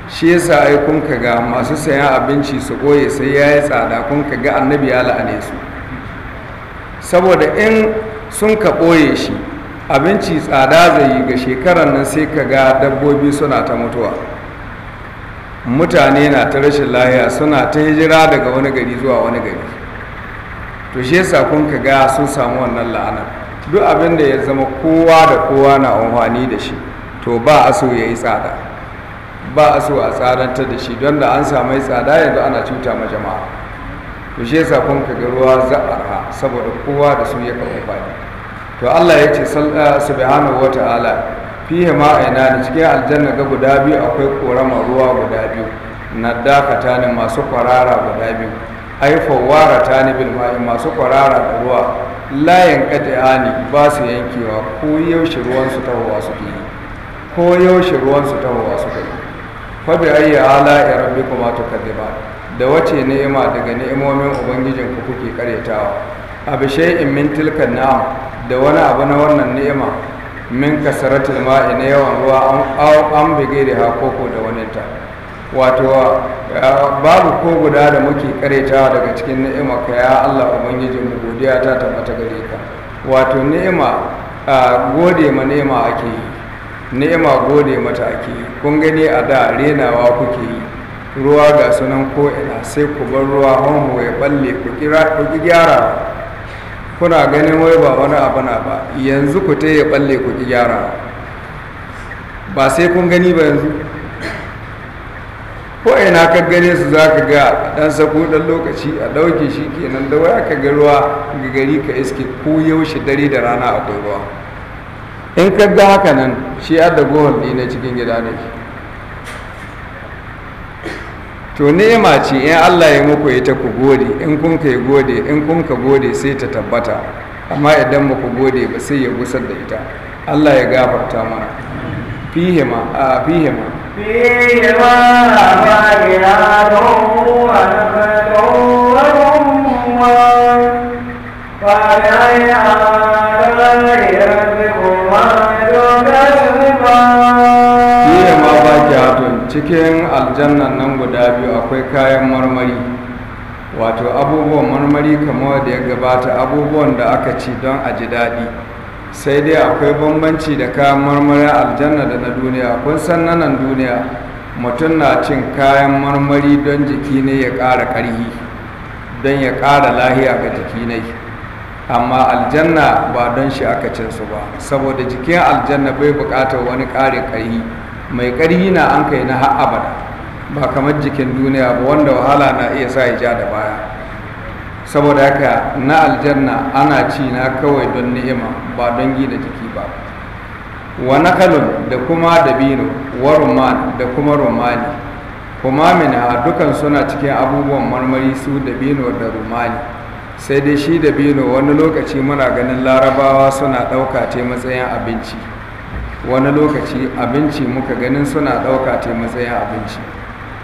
shi yasa ai kun ga masu sayan abinci su koye sai ya yi tsada kun ga annabi ya la'ane su saboda in sun ka ɓoye shi abinci tsada zai yi ga shekaran nan sai ka ga dabbobi suna ta mutuwa mutane na ta rashin lahiya suna ta jira daga wani gari zuwa wani gari to shi yasa kun ka ga sun samu wannan la'ana duk abin da ya zama kowa da kowa na amfani da shi to ba a so ya yi tsada ba a so a tsarantar da shi don da an samai tsada yanzu ana cuta ma jama'a to shi yasa kun kaga ruwa za'arha saboda kowa da su ya kawo fadi to Allah ya ce eh, subhanahu wata'ala fiye ma aina da cikin aljanna ga guda biyu akwai korama ruwa guda biyu na dakata ne masu kwarara guda biyu ai fawara ta ne bil ma'i masu kwarara da ruwa layin ne ba su yankewa ko yaushe ruwan su tawowa su ko yaushe ruwan su tawowa su yi. ya bi kuma ala'i kalli ba, da wace ni'ima daga ni'imomin ubangijin ku kuke karyatawa abi shay'in min tilkan na'am da wani abu na wannan ni'ima min kasaratul ma'i na yawan ruwa an an bige da hakoko da wani ta wato babu ko guda da muke karyatawa daga cikin ni'ima ka ya Allah ubangijin mu godiya ta tabbata gare ka wato ni'ima gode ma ni'ima ake yi ni'ima gode mata ake kun gani a da renawa kuke yi ruwa ga sunan ko ina sai ku bar ruwa hanhu ya balle ku ki gyara kuna ganin wai ba wani abu na ba yanzu ku ta ya balle ku ki gyara ba sai kun gani ba yanzu ko ina ka gane su za ka ga dan sako dan lokaci a ɗauke shi kenan da waya ka ga ruwa ga gari ka iske ko yaushe dare da rana akwai ruwa in ka ga haka nan shi da gohar ne na cikin gida ne to ma ce in Allah ya muku ita ku gode in kun ka gode in kun ka gode sai ta tabbata amma idan muku gode ba sai ya gusar da ita Allah ya gafarta ma fihima a fihima fihima fa'iratu wa nafatu wa rumwa fa'iratu fiye ma ba jatun cikin aljannan nan guda biyu akwai kayan marmari wato abubuwan marmari kamar da ya gabata abubuwan da aka ci don a ji daɗi sai dai akwai bambanci da kayan marmari aljanna da na duniya kun san nanan duniya mutum na cin kayan marmari don jiki ne ya ƙara ƙarfi don ya ƙara lahiya ga jiki ne amma aljanna ba don shi aka cin su ba saboda jikin aljanna bai bukatar wani ƙarin ƙari mai ƙari na an kai na har abada ba kamar jikin duniya ba wanda wahala na iya sa ja da baya saboda haka na aljanna ana ci na kawai don ni'ima ba don gina jiki ba wa nakalun da kuma dabino wa rumman da kuma rumani kuma mina dukan suna cikin abubuwan marmari su dabino da rumani sai dai shi da bino wani lokaci muna ganin larabawa suna ɗauka te matsayin abinci wani lokaci abinci muka ganin suna ɗauka te matsayin abinci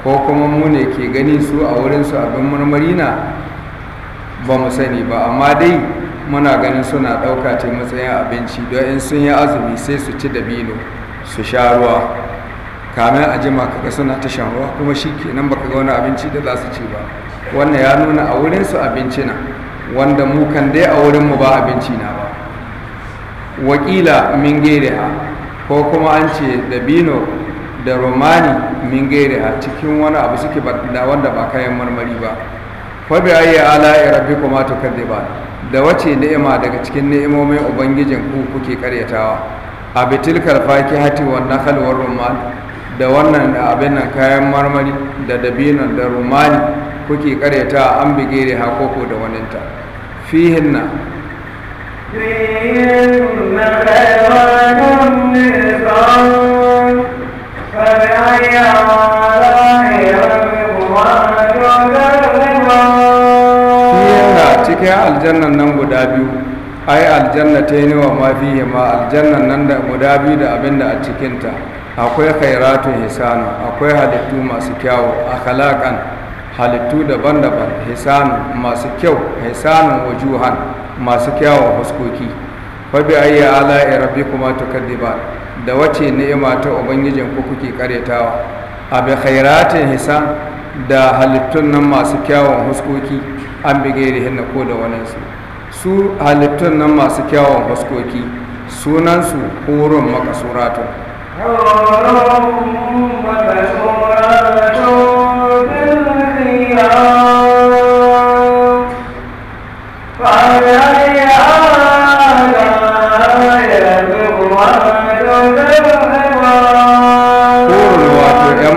ko kuma mune ke gani su a wurinsu abin murmuri na ba mu sani ba amma dai muna ganin suna ɗauka te matsayin abinci don in sun yi azumi sai su ci dabino su sha ruwa kamar a jima kaga suna ta shan ruwa kuma shi kenan baka ga wani abinci da za su ci ba wannan ya nuna a wurinsu abinci na wanda mu kan dai a wurinmu ba abinci na ba wakila min geriha ko kuma an ce dabino da romani min geriha cikin wani abu suke da wanda ba kayan marmari ba fabi ayi ala rabbi kuma to ba da wace ni'ima daga cikin ni'imomin ubangijin ku kuke karyatawa a bitilkar hati wa nakal wa rumman da wannan da abin nan kayan marmari da Dabino da rumani kuke karyata an bigere koko da waninta fihinna cikin aljannan nan guda biyu ai aljanna ta yi wa ma fiye ma aljannan nan da guda biyu da abin da a cikinta akwai khairatun hisana akwai halittu masu kyawu a kalakan halittu daban-daban hisanun masu kyau hisanun wajuhan masu kyawun huskoki fabi ayya ya rabbi kuma tukaddiba da wace ni'ima ta ubangijin ku kuke karetawa a bi khairatin hisan da halittun nan masu kyawun huskoki an bige da hinna ko da wani su su halittun nan masu kyawun huskoki sunansu horon makasuratun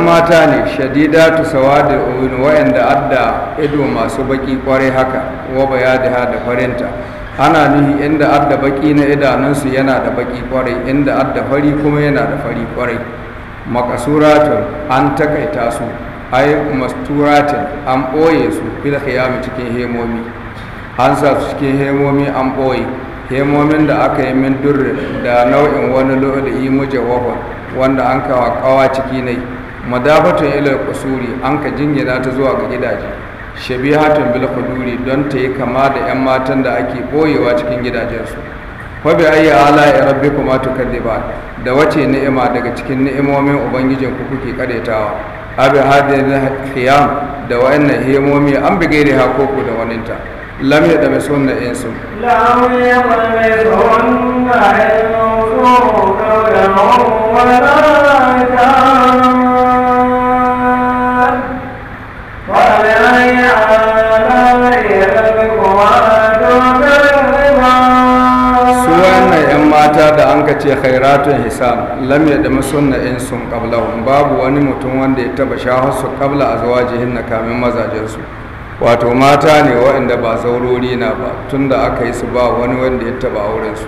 mata ne shadida sawa da uyun wayanda adda ido masu baki kwarai haka wa bayadiha da farinta ana nuhi inda adda baki na idanunsu yana da baki kwarai inda adda fari kuma yana da fari kwarai makasuratun an takaita su ai masturatin an ɓoye su fil khiyami cikin hemomi hansa cikin hemomi an ɓoye hemomin da aka yi min durre da nau'in wani muje mujawwafa wanda an kawa kawa ciki ne madafatun ilal kusuri an ka jingina ta zuwa ga gidaje shabihatun bil quduri don ta yi kama da yan matan da ake boyewa cikin gidajensu fa bi ayyi ala rabbikum atukadiba da wace ni'ima daga cikin ni'imomin ubangijin ku kuke karetawa abi hadin khiyam da wa'annan himomi an bige da hakoko da waninta lam ya dame sunna insu lam ya dame sunna insu kawai da mawar da Kada da an ka ce khairatun hisam lam ya da masunna in sun qablahum babu wani mutum wanda ya taba shahar su qabla azwajihin na kamin mazajen su wato mata ne waɗanda ba saurori na ba tunda aka yi su ba wani wanda ya taba auren su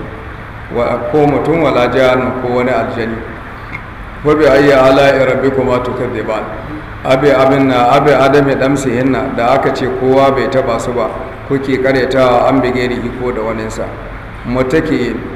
ko mutum wala jahannam ko wani aljani wa bi ayya ala rabbikum tukadziban abi abinna abi adami hinna da aka ce kowa bai taba su ba kuke karyatawa an bige ko da waninsa mutake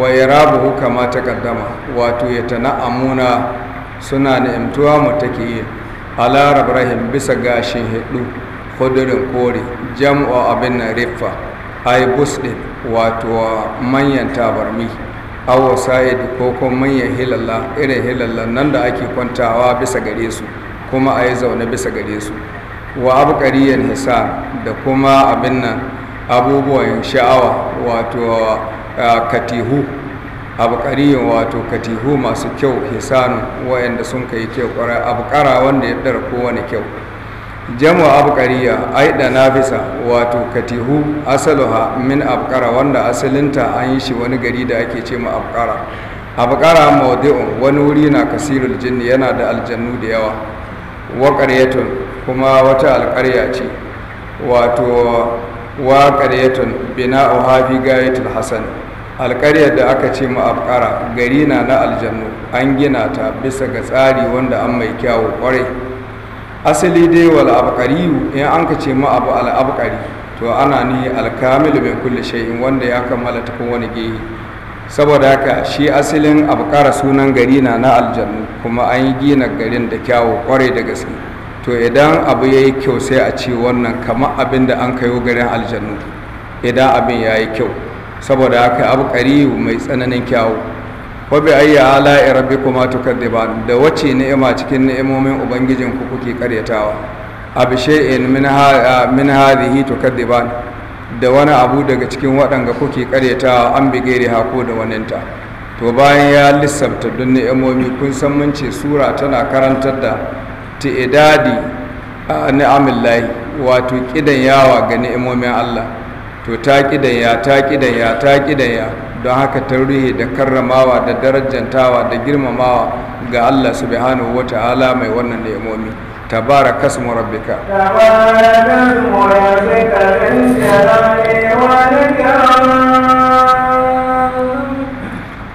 wa yarabuhu kama taqaddama wato ya amuna suna ni'imtuwa mu take yi ala rabrahim bisa gashin hudu hudurin kore jam'u abin na rifa ai busdin wato manyan tabarmi awo sa'id ko kuma manyan hilalla irin hilalla nan da ake kwantawa bisa gare su kuma a yi zaune bisa gare su wa abkariyan hisa da kuma abin nan abubuwan sha'awa wato katihu abqariyin wato katihu masu kyau hisanu wayanda sun kai kyau kwarai abqara wanda ya dar kowane kyau jamu abqariya ai da nafisa wato katihu asaluha min abqara wanda asalinta an yi shi wani gari da ake ce ma abqara abqara mawdi'un wani wuri na kasirul jinni yana da aljannu da yawa wa qaryatun kuma wata alƙarya ce wato wa bina a hafi gayatil hasan alƙaryar da aka ce ma'afƙara gari na na aljannu an gina ta bisa ga tsari wanda an mai kyawu ƙwarai asali dai wal abqariyu in an ka ce ma abu al abqari to ana ni alkamilu mai kulle shay'in wanda ya kammala ta wani gehe saboda haka shi asalin abqara sunan gari na na aljannu kuma an yi gina garin da kyawu kwarai da gaske to idan abu ya yi kyau sai a ce wannan kama abin da an kayo garin aljannu idan abin ya yi kyau saboda haka abu ƙari mai tsananin kyawu wabi ayya ala rabi kuma tukaddiba da wace ni'ima cikin ni'imomin ubangijin ku kuke karyatawa abu shay'in min hadhihi tukaddiba da wani abu daga cikin waɗanga kuke karyatawa an bigere hako da waninta to bayan ya lissafta dun ni'imomi kun san mun sura tana karantar da ti'idadi ni'amillahi wato kidan yawa ga ni'imomin Allah to ta kidan ya ta kidan ya ta kidan ya don haka ta ruhe da karramawa da darajantawa da girmamawa ga Allah subhanahu wata'ala mai wannan ni'imomi tabaraka smu rabbika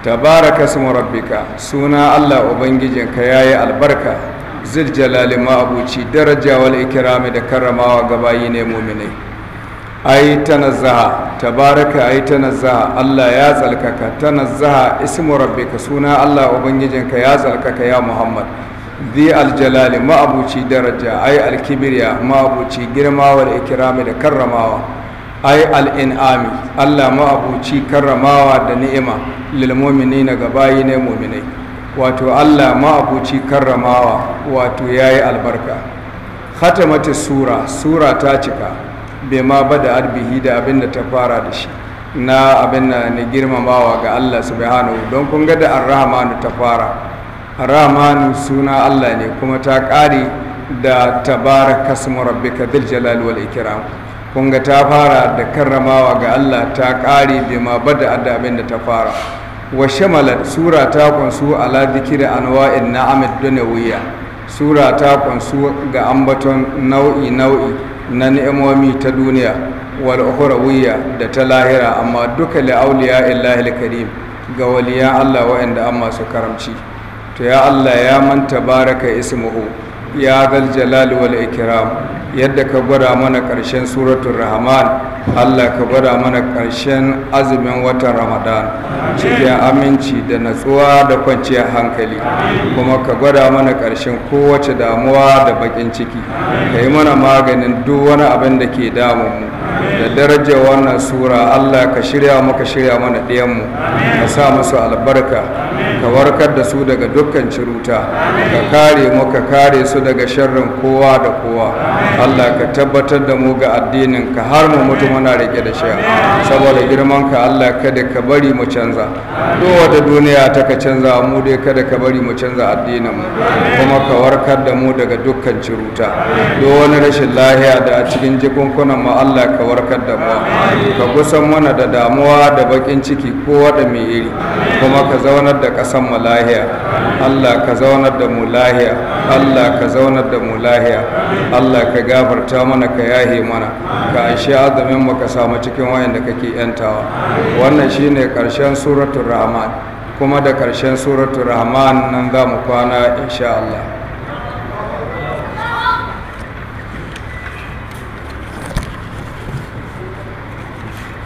tabaraka tabaraka rabbika suna Allah ubangijinka yayi albarka zil jalali ma'abuci daraja wal ikirami da karramawa ga bayi ne muminai ai tanazzaha tabaraka ai tanazzaha Allah ya tsalkaka tanazzaha ismu rabbika suna Allah ubangijinka ya tsalkaka ya Muhammad zi aljalali ma'abuci daraja ai alkibriya ma'abuci girma wal ikirami da karramawa ai al'in'ami Allah ma'abuci karramawa da ni'ima lil mu'minina ga bayi ne muminai wato allah ma'abuci karramawa wato ya yi albarka mata sura sura ta cika bai ma bada arbihi da abin da ta fara da shi na abin na girmamawa ga allah subhanahu don kun ga da arrahmanu ta fara arrahmanu suna allah ne kuma ta ƙare da tabaraka smu rabbika dil jalali wal ikram kun ga ta fara da karramawa ga allah ta kare bai ma bada abin da ta fara wa shamalat sura ta kunsu ala zikiri anwa'in na'amid dunawiyya sura ta kunsu ga ambaton nau'i nau'i na ni'imomi ta duniya wal wuya da ta lahira amma duka la'auliya awliya illahi karim ga waliyan Allah wa'anda an masu karamci to ya Allah ya manta baraka ismuhu ya zal jalali wal ikram yadda ka gwada mana ƙarshen suratul rahman Allah ka gwada mana ƙarshen azumin watan ramadan cikin aminci da natsuwa da kwanciyar hankali kuma ka gwada mana ƙarshen kowace damuwa da baƙin ciki ka yi mana maganin duk wani abin da ke damun mu da daraja wannan sura Allah ka shirya maka shirya mana mu ka sa musu albarka ka warkar da su daga dukkan ciruta ka kare mu ka kare su daga sharrin kowa da kowa Allah ka tabbatar da mu ga addinin ka har mu mutu muna rike da shi saboda girman ka Allah kada ka bari mu canza duk wata duniya ta ka canza mu dai kada ka bari mu canza addinin mu kuma ka warkar da mu daga dukkan ciruta duk wani rashin lahiya da a cikin jikunkunan mu Allah ka warkar da ba ka kusan mana da damuwa da bakin ciki ko da mai iri kuma ka zaunar da kasan mu lahiya Allah ka zaunar da mu lahiya Allah ka zaunar da mu lahiya Allah ka gafarta mana ka yahe mana ka ashe azumin mu ka samu cikin wayan wayanda kake yantawa wannan shine karshen suratul rahman kuma da karshen suratul rahman nan za mu kwana insha Allah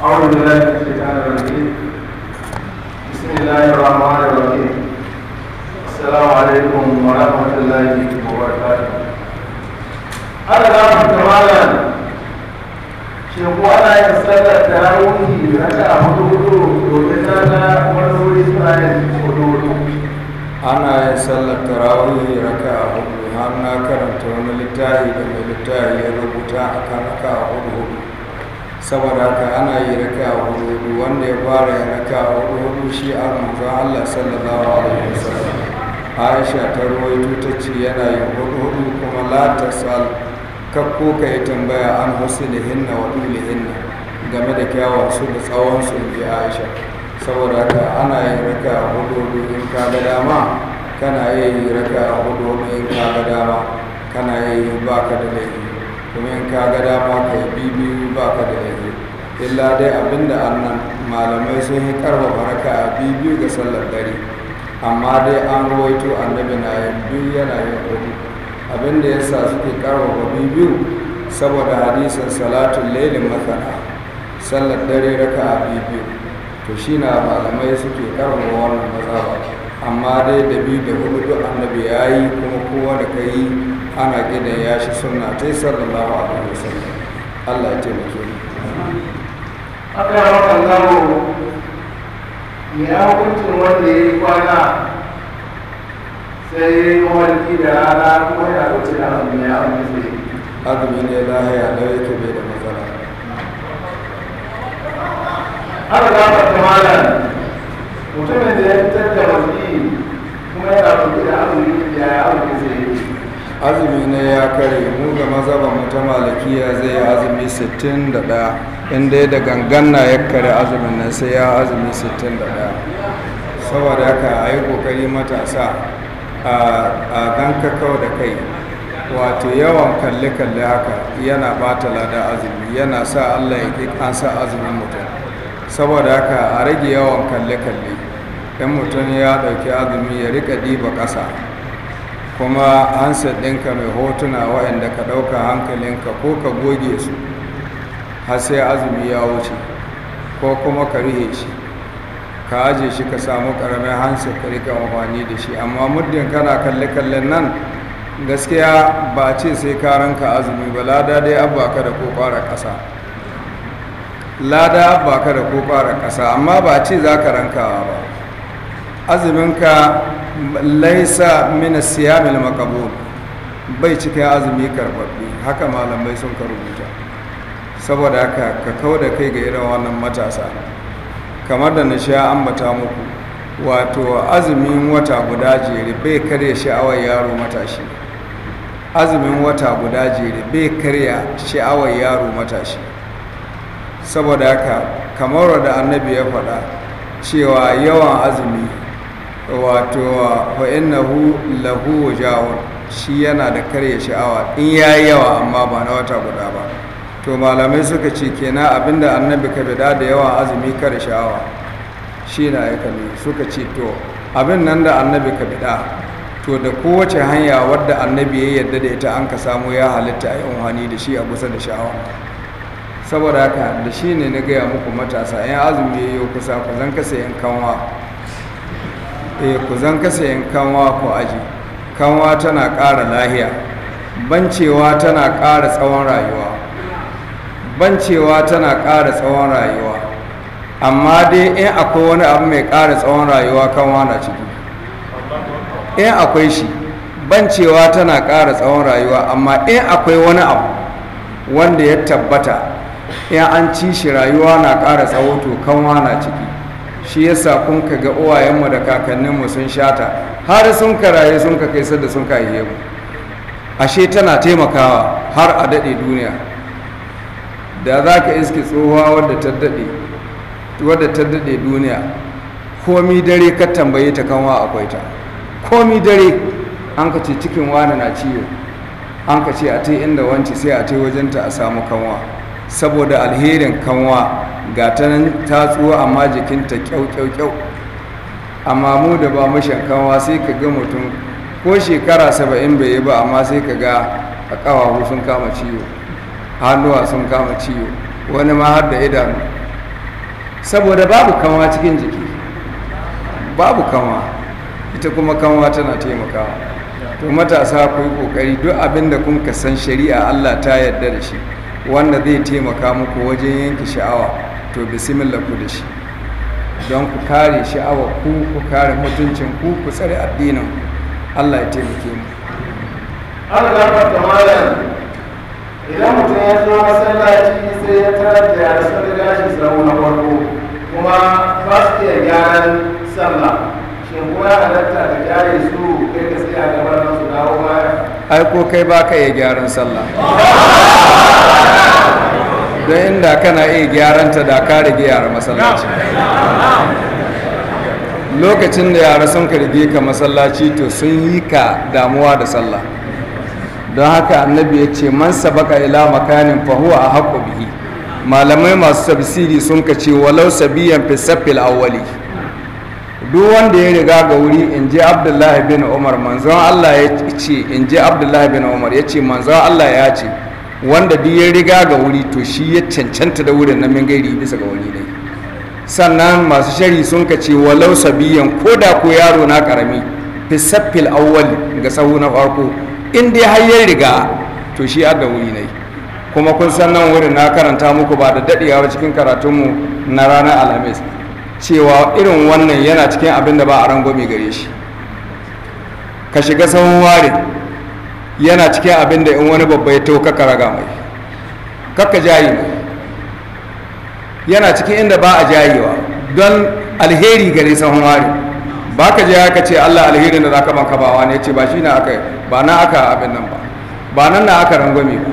أعوذ بالله من الشيطان الرجيم بسم الله الرحمن الرحيم السلام عليكم ورحمة الله وبركاته أنا أعرف تماما شيخ أنا يصلى التراويح هذا حدوده وبنانا ونور إسرائيل حدوده ana yin sallar tarawih raka a hudu har na karanta wani littafi da mai littafi ya rubuta a kan raka a hudu hudu saboda haka ana yi raka hudu hudu wanda ya fara ya raka hudu hudu shi a manzo Allah sallallahu alaihi wasallam Aisha ta rawaito ta ce yana yin hudu hudu kuma la sal kakko ka yi tambaya an hinna wa hinna game da kyawun su da tsawon su in ji Aisha saboda haka ana yin raka hudu hudu in ka ga dama kana yin raka hudu hudu in ka ga dama kana yin baka da laifi kuma in ka ga dama ka yi bibiyu ba ka da yake illa dai abinda annan malamai sun yi karfafa raka a bibiyu ga sallar dare amma dai an rawaito annabi na yin biyu yana yin hudu abinda ya sa suke karfafa bibiyu saboda hadisin salatun lailin masana sallar dare raka a bibiyu to shi na malamai suke karfafa wannan ba. amma dai da biyu da hudu duk annabi ya yi kuma kowa da ka yi ana gidan ya shi suna ta yi sallallahu alaihi wasallam allah ya taimake mu akwai kallon ya hukuncin wanda ya yi kwana sai ya yi mawarki da rana kuma ya wuce da azumi ya amince azumi ne lahiya da yake bai da matsala har da Mutum ya fitar da kuma yana ɗauke da azumi ya yi azumi zai yi azumi ne ya kare mu ga mazhaban mu ta malikiya zai yi azumi 61 inda ya da ganganna ya kare azumin nan sai ya azumi 61 saboda haka a yi kokari matasa a gan kakau da kai wato yawan kalle-kalle haka yana bata lada azumi yana sa allah ya an sa azumin mutum saboda haka a rage yawan kalle-kalle in mutum ya ɗauki azumi ya rika diba ƙasa kuma hanset ɗinka mai hotuna waɗanda ka ɗauka hankalinka ko ka goge su har sai azumi ya wuce ko kuma ka rihe shi ka aje shi ka samu ƙaramin hanset ka rika amfani da shi amma muddin kana kalle-kallen nan gaskiya ba ce sai ka ranka azumi ba lada dai abba ka da ko fara kasa lada abba ka da ko fara ƙasa amma ba ce za ka rankawa ba azuminka laisa mina siyamil makabul bai cikin azumi karbabbi haka malamai sun ka rubuta saboda haka ka kau da kai ga irin wannan matasa kamar da na sha ambata muku wato azumin wata guda jere bai karya sha'awar yaro matashi azumin wata guda jere bai karya sha'awar yaro matashi saboda haka kamar da annabi ya faɗa cewa yawan azumi wato fa innahu lahu wajawun shi yana da karya sha'awa in yayi yawa amma ba na wata guda ba to malamai suka ce kenan abinda annabi ka bida da yawa azumi kare sha'awa shi na aika ne suka ce to abin nan da annabi ka bida to da kowace hanya wadda annabi ya yarda da ita an ka samu ya halitta a yin wani da shi a kusa da sha'awa saboda haka da shi ne na gaya muku matasa yan azumi ya yi kusa ku zan kasa yan kanwa eh ku zan kasa yin kanwa ku aji kanwa tana ƙara lahiya bancewa tana ƙara tsawon rayuwa bancewa tana ƙara tsawon rayuwa amma dai in akwai wani abu mai ƙara tsawon rayuwa kanwa na ciki in akwai shi bancewa tana ƙara tsawon rayuwa amma in akwai wani abu wanda ya tabbata in an ci shi rayuwa na ƙara tsawo to kanwa na ciki shi yasa kun ka ga uwayenmu da kakanninmu sun shata har sun karaye sun ka kai sadda sun kaihe mu ashe tana taimakawa har a daɗe duniya da za ka iske tsohuwa wadda ta daɗe wadda ta daɗe duniya komi dare ka tambaye ta kanwa akwai ta komi dare an ka ce cikin wani na ciwo an ka ce a ta inda wanci sai a ta wajenta a samu kanwa saboda alherin kanwa ga ta nan ta tsuwa amma jikinta kyau-kyau-kyau amma mu da ba mashin kanwa sai ka ga mutum ko shekara saba'in bai yi ba amma sai ka ga a ƙawahu sun kama ciwo hannuwa sun kama ciwo wani ma har da idanu saboda babu kanwa cikin jiki babu kanwa ita kuma kanwa tana taimakawa to matasa ku yi ƙoƙari duk abin da kun san shari'a allah ta yarda da shi wanda zai taimaka muku wajen yanke sha'awa to bismillah ku da shi don ku kare sha'awa ku ku kare mutuncin ku ku tsare addinin Allah ya taimake mu Allah ka kamala idan mutum ya zo masallaci sai ya tarar da sun da shi na farko kuma ba su iya gyaran sallah shin kuma halatta da gyare su kai a gaban ai kai ba ka iya gyaran sallah don inda kana iya gyaran ta da ka rage yara masallaci lokacin da yara sun ka rige ka masallaci to sun yi ka damuwa da sallah don haka annabi ya ce man sabaka ila makanin fahuwa a haƙo bihi malamai masu tafsiri sun ka ce walau sabiyan fi saffil awali. duk wanda ya riga ga wuri in ji abdullahi bin umar manzon allah ya ce in ji abdullahi bin umar ya ce manzon allah ya ce wanda duk ya riga ga wuri to shi ya cancanta da wurin na min gairi bisa ga wani dai sannan masu shari sun ka ce walau sabiyan ko da ko yaro na karami fisaffil awwal ga sahu na farko in dai har ya riga to shi ga wuri ne kuma kun san nan wurin na karanta muku ba da daɗewa cikin karatunmu na ranar alhamis cewa irin wannan yana cikin abin da ba a rangwame gare shi ka shiga sahun ware yana cikin abin da in wani babba ya tau kaka raga mai kaka jayi mai yana cikin inda ba a jayewa don alheri gare sahun ware ba ka jaya ka ce allah alherin da za ka banka bawa ne ce ba shi na aka ba na aka abin nan ba ba nan na aka rangwame ba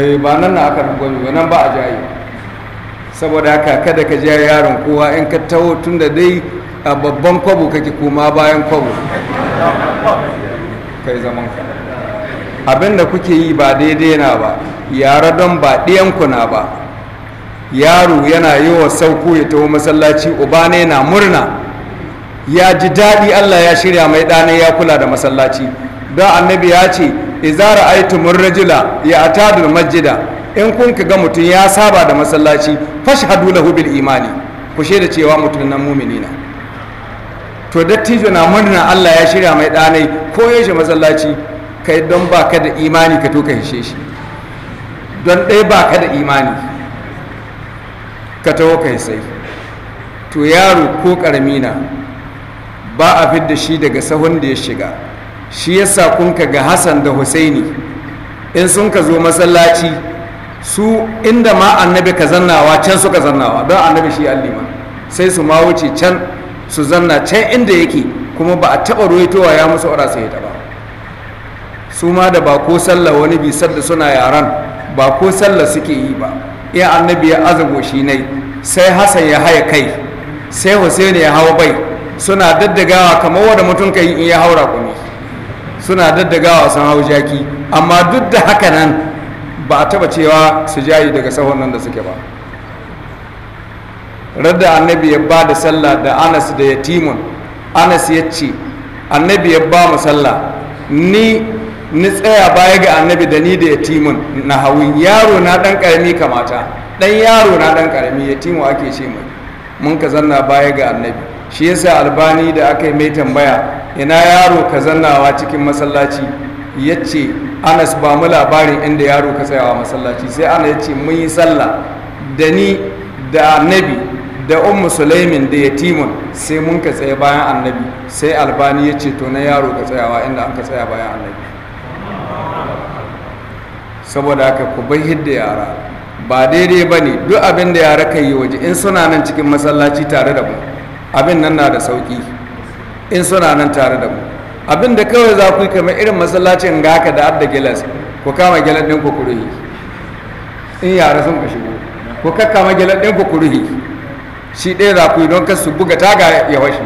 eh, ba nan na aka rangwame ba nan ba a jayewa saboda haka kada ka ja yaron kowa in ka taho tun da dai a babban kwabo kake koma bayan kwabo kai zaman ka abin da kuke yi ba daidai na ba yara don ba ɗiyanku na ba yaro yana yi wa sauko ya taho masallaci uba ne na murna ya ji daɗi allah ya shirya mai ɗane ya kula da masallaci don annabi ya ce izara aitu murrajila ya atadul majida in kun ga mutum ya saba da masallaci fashhadu lahu bil imani ku shaida cewa mutum nan mumini na to dattijo na murna Allah ya shirya mai ɗanai ko yaushe masallaci kai don ba ka da imani ka to ka hishe shi don ɗaya ba ka da imani ka taho ka sai to yaro ko ƙarami na ba a fidda shi daga sahun da ya shiga shi yasa kun ka ga Hassan da Husaini in sun ka zo masallaci su inda ma annabi ka zannawa can suka zannawa don annabi shi allima sai su ma wuce can su zanna can inda yake kuma ba a taɓa ruwaitowa ya musu ora sai ta ba su ma da ba ko sallah wani bi da suna yaran ba ko sallah suke yi ba iya annabi ya azago shi nai sai hasan ya haya kai sai husaini ya hawa bai suna daddagawa kamar wanda mutum kai in ya haura kuma suna daddagawa sun hau jaki amma duk da haka nan ba a taba cewa su jayi daga sahon nan da suke ba radda annabi ya ba da sallah da anas da yatimun anas ya ce annabi ya ba mu sallah ni ni tsaya baya ga annabi da ni da yatimun na hawin yaro na dan karami kamata dan yaro na dan karami yatimu ake ce mai mun ka zanna baya ga annabi shi yasa albani da aka yi mai tambaya ina yaro ka zannawa cikin masallaci ya ce anas ba mu labarin inda yaro ka tsayawa masallaci sai ana ya ce mun yi sallah da ni da annabi da un sulaimin da yatimun sai mun ka tsaye bayan annabi sai albani ya ce to na yaro ka tsayawa inda an ka tsaya bayan annabi saboda haka ku bai hidda yara ba daidai ba ne duk abin da yara ka yi waje in suna nan cikin masallaci tare da mu abin nan na da sauki in suna nan tare da mu abin da kawai za ku yi kamar irin masallacin gaka ka da adda gilas ku kama gilas ɗin ku kuruhi in yara sun ka shigo ku kakkama gilas ɗin ku kuruhi shi ɗaya za ku yi don kasu su buga taga ya washe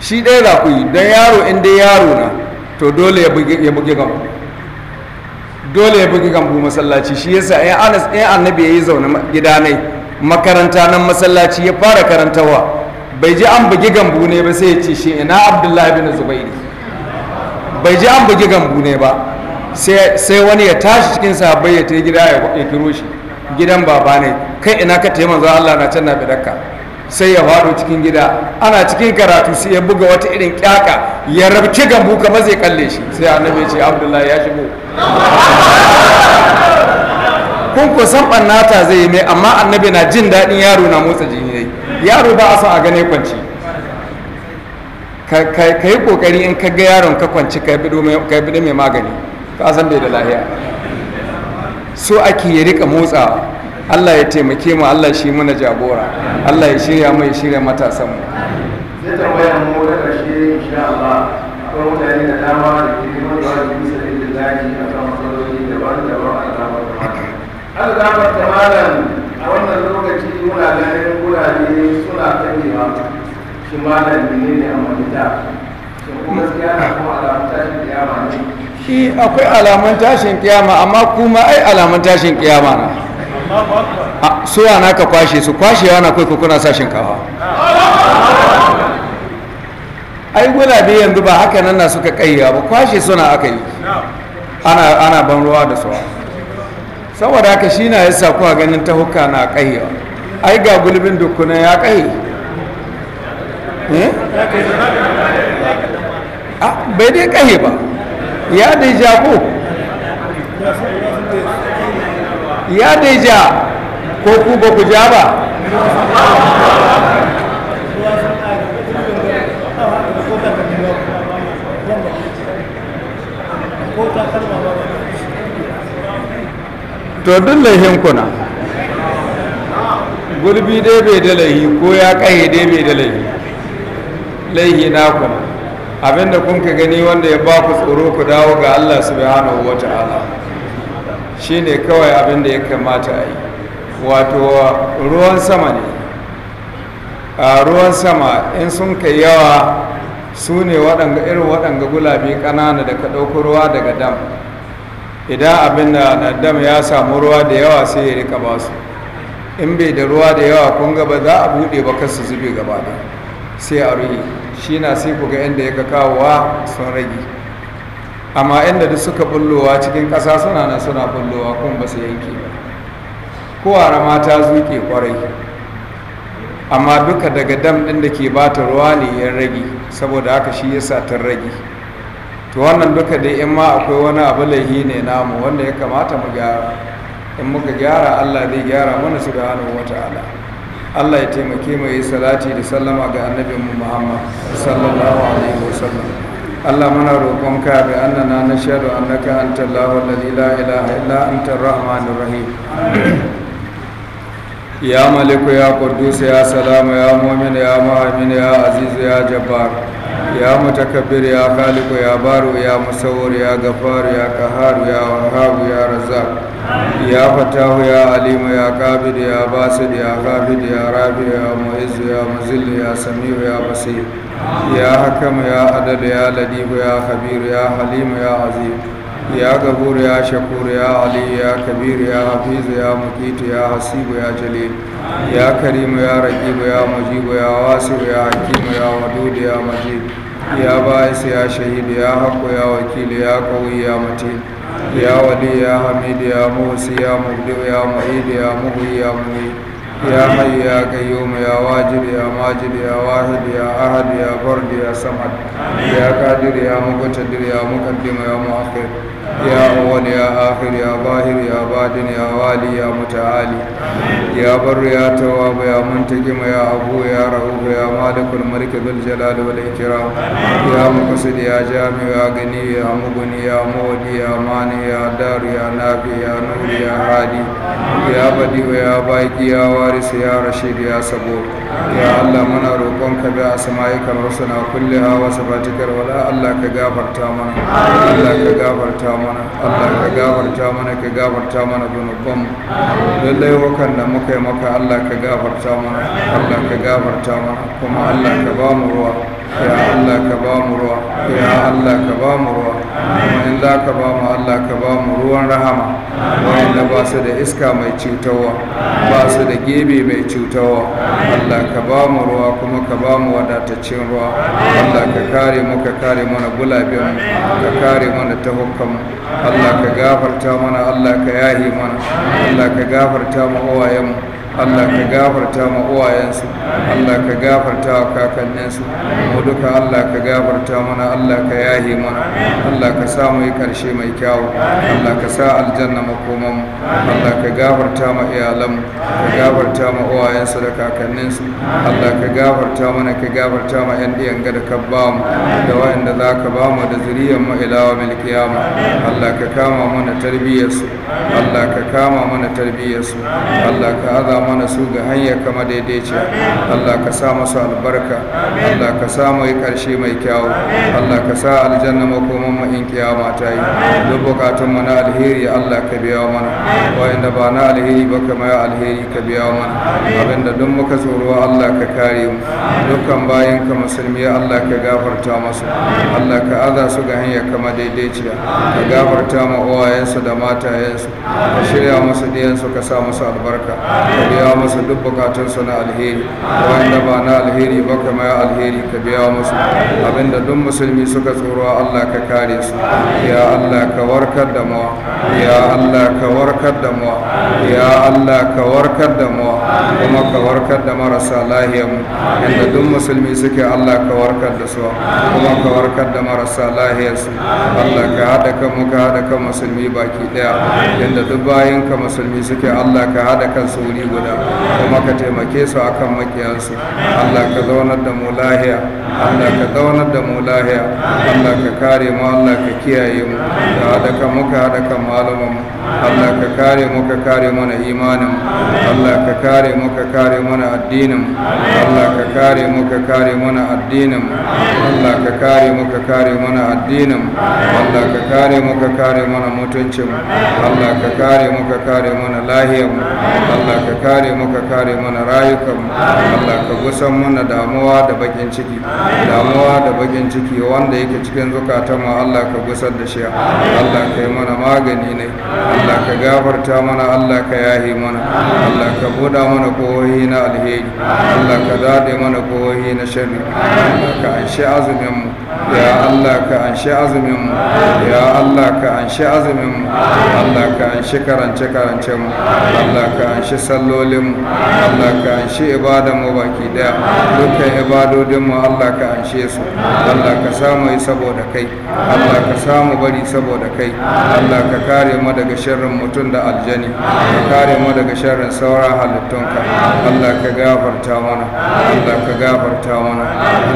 shi ɗaya za ku yi don yaro in dai yaro na to dole ya buge gambu dole ya buge gambu masallaci shi yasa in annabi ya yi zaune gida ne makaranta nan masallaci ya fara karantawa bai ji an bugi gambu ne ba sai ya ce shi ina abdullahi bin zubairi bai ji an bugi gambu ne ba sai wani ya tashi cikin sahabbai ya tai gida ya kiro shi gidan baba ne kai ina ka taimaka zuwa Allah na can na bidakka sai ya faɗo cikin gida ana cikin karatu sai ya buga wata irin kyaka ya rabci gambu kamar zai kalle shi sai annabi ya ce abdullahi ya shigo kun ko san ɓannata zai yi mai amma annabi na jin daɗin yaro na motsa jini ne yaro ba a sa a gane kwanci ka yi kokari in ka ga yaron ka kwanci ka yi mai magani ka san bai da lahiya so ake ya rika motsawa allah ya taimake mu allah shi mana jagora allah ya shirya mai shirya matasanmu zai bayan mu da ƙarshe insha Allah akwai mutane da dama da ke neman da wani bisa da zaki a kan matsaloli daban-daban a zamanin. Allah ta malam shi malam ne ne a mafita shi kuma na kuma alamun tashin kiyama ne shi akwai alamun tashin kiyama amma kuma ai alamun tashin kiyama na suwa na ka kwashe su kwashewa na kai kuna sa shinkafa ai bi yanzu ba haka nan na suka kaiya ba kwashe suna aka yi ana ana ban ruwa da suwa saboda haka shi na yasa kuwa ganin ta hukka na kaiya ai ga gulbin dukkunan ya kai Eh? Ah, bai dai kahe ba ya dai ja ko ya dai ja ko ku ba ku ja ba to duk laihin kuna gulbi dai bai da laihi ko ya kahe dai bai da laihi laihi naku abinda kun ka gani wanda ya ba ku tsoro ku dawo ga Allah subhanahu wa ta'ala shi ne kawai abinda ya kamata a yi wato ruwan sama ne a ruwan sama in sun kai yawa su ne irin waɗanga gulabi ƙanana da ka ruwa daga dam idan abin da na dam ya samu ruwa da yawa sai ya rika ba su in bai da ruwa da yawa kun gaba za a buɗe ba kasu zube gaba sai a rufe shi na sai ku ga inda ya ga kawowa sun rage amma inda duk suka bullowa cikin ƙasa suna na suna bullowa kuma ba su yanke ba kowara ma ta zuke kwarai amma duka daga dam ɗin da ke ba ta ruwa ne ya rage saboda haka shi yasa ta rage to wannan duka dai in ma akwai wani abu laihi ne namu wanda ya kamata mu gyara in muka gyara allah zai gyara mana su da wata ala. Allah ya taimake mu yi salati da sallama ga mu Muhammad sallallahu alaihi wa sallam. Allah muna roƙon ka bi annana nashhadu annaka anta Allahu alladhi la ilaha illa anta ar-rahmanur rahim Ya Maliku ya Quddus ya Salamu ya Mu'min ya Mu'min ya Aziz ya Jabbar ya Mutakabbir ya Khaliq ya Baru ya Musawwir ya Ghaffar ya Qahhar ya Wahhab ya Razzaq يا فتاه يا عليم يا قابل يا باسل يا غافل يا رافع يا معز يا مزل يا سميع يا بصير يا حكم يا عدل يا لطيف يا خبير يا حليم يا عظيم يا غفور يا شكور يا علي يا كبير يا حفيظ يا مقيت يا حسيب يا جليل يا كريم يا رقيب يا مجيب يا واسع يا حكيم يا ودود يا مجيد يا باعث يا شهيد يا حق يا وكيل يا قوي يا متين يا ولي يا حميد يا موسي يا مبدئ يا معيد يا مغي يا مني يا حي يا قيوم يا واجد يا ماجد يا واحد يا احد يا فرد يا صمد يا قادر يا مقتدر يا مقدم يا مؤخر يا أول يا آخر يا ظاهر يا باطن يا والي يا متعالي يا بر يا تواب يا منتجم يا أبو يا رؤوف يا مالك الملك ذو الجلال والإكرام يا مقصد يا جامع يا غني يا مغني يا مودي يا ماني يا دار يا نافي يا نور يا هادي يا بدي يا بايك يا وارث يا رشيد يا صبور يا الله منا روقك بأسمائك الرسنا كلها وصفاتك الولا الله كغفرت منا الله كغفرت منا mana Allah ka gafarta mana ka gafarta mana zunubanmu lallai wakan da muka yi maka Allah ka gafarta mana Allah ka gafarta mana kuma Allah ka ba mu ruwa ya Allah ka ba mu ruwa ya Allah ka ba mu ruwa kuma in za ka ba mu Allah ka ba mu ruwan rahama wanda ba su da iska mai cutarwa ba su da gebe mai cutarwa Allah ka ba mu ruwa kuma ka ba mu wadataccen ruwa Allah ka kare mu ka kare mana gulabin ka kare mana ta tahukkan Allah ka gafarta mana Allah ka yahi mana Allah ka gafarta mu uwayenmu Allah ka gafarta ma uwayensu Allah ka gafarta wa kakanninsu mu duka Allah ka gafarta mana Allah ka yahi mana Allah ka sa mu yi karshe mai kyawu Allah ka sa aljanna makoman mu Allah ka gafarta ma iyalan mu ka gafarta ma uwayensu da kakanninsu Allah ka gafarta mana ka gafarta ma yan diyan ga da kabba mu da wa'anda za ka ba mu da zuriyar mu ilawa mil kiyama Allah ka kama mana tarbiyyarsu Allah ka kama mana tarbiyyarsu Allah ka azama mana su ga hanyar kama daidaici Allah ka sa masu albarka Allah ka sa mai karshe mai kyawu Allah ka sa aljanna makoman mu in kiyama ta yi duk bukatun mu na alheri Allah ka biya mana wa'inda ba na alheri ba kama ya alheri ka biya mana abinda duk muka tsoro Allah ka kare mu dukkan bayan ka musulmi Allah ka gafarta masu Allah ka aza su ga hanyar kama daidaiciya ka gafarta ma uwayensu da matayensu ka shirya musu diyansu ka sa musu albarka ka biya biya musu duk bukatunsu na alheri wanda ba na alheri ba kama ya alheri ka biya musu abinda duk musulmi suka tsoro Allah ka kare su ya Allah ka warkar da mu ya Allah ka warkar da mu ya Allah ka warkar da mu kuma ka warkar da marasa lahiya mu inda duk musulmi suke Allah ka warkar da su kuma ka warkar da marasa lahiya su Allah ka haɗa kan mu ka haɗa kan musulmi baki ɗaya inda duk bayan ka musulmi suke Allah ka haɗa kan su wuri guda kuma ka taimake su akan makiyansu Allah ka zaunar da mu lahiya Allah ka zaunar da mu lahiya Allah ka kare mu Allah ka kiyaye mu da haɗa kan muka haɗa kan malamanmu mu Allah ka kare mu ka kare mana imanin Allah ka kare mu ka kare mana addinin Allah ka kare mu ka kare mana addinin Allah ka kare mu ka kare mana addinin Allah ka kare mu ka kare mana mutuncin Allah ka kare mu ka kare mana lahiyar Allah ka kare mu ka kare mana rayukan Allah ka gusan mana damuwa da bakin ciki damuwa da bakin ciki wanda yake cikin zukatan mu Allah ka gusar da shi Allah ka yi mana magani ne Allah ka gafarta mana Allah ka yahi mana Allah ka buɗa mana kohohi na alheri Allah ka daɗe mana kohohi na shari Allah ka anshi azumin mu ya Allah ka shi azumin ya Allah ka shi azumin Allah ka shi karance karance mu Allah ka shi sallolin mu Allah ka shi ibada mu baki daya dukkan ibadodin mu Allah ka shi su Allah ka samu yi saboda kai Allah ka samu bari saboda kai Allah ka kare mu daga sharrin mutum da aljani ka kare mu daga sharrin sauran ka Allah ka gafarta mana Allah ka gafarta mana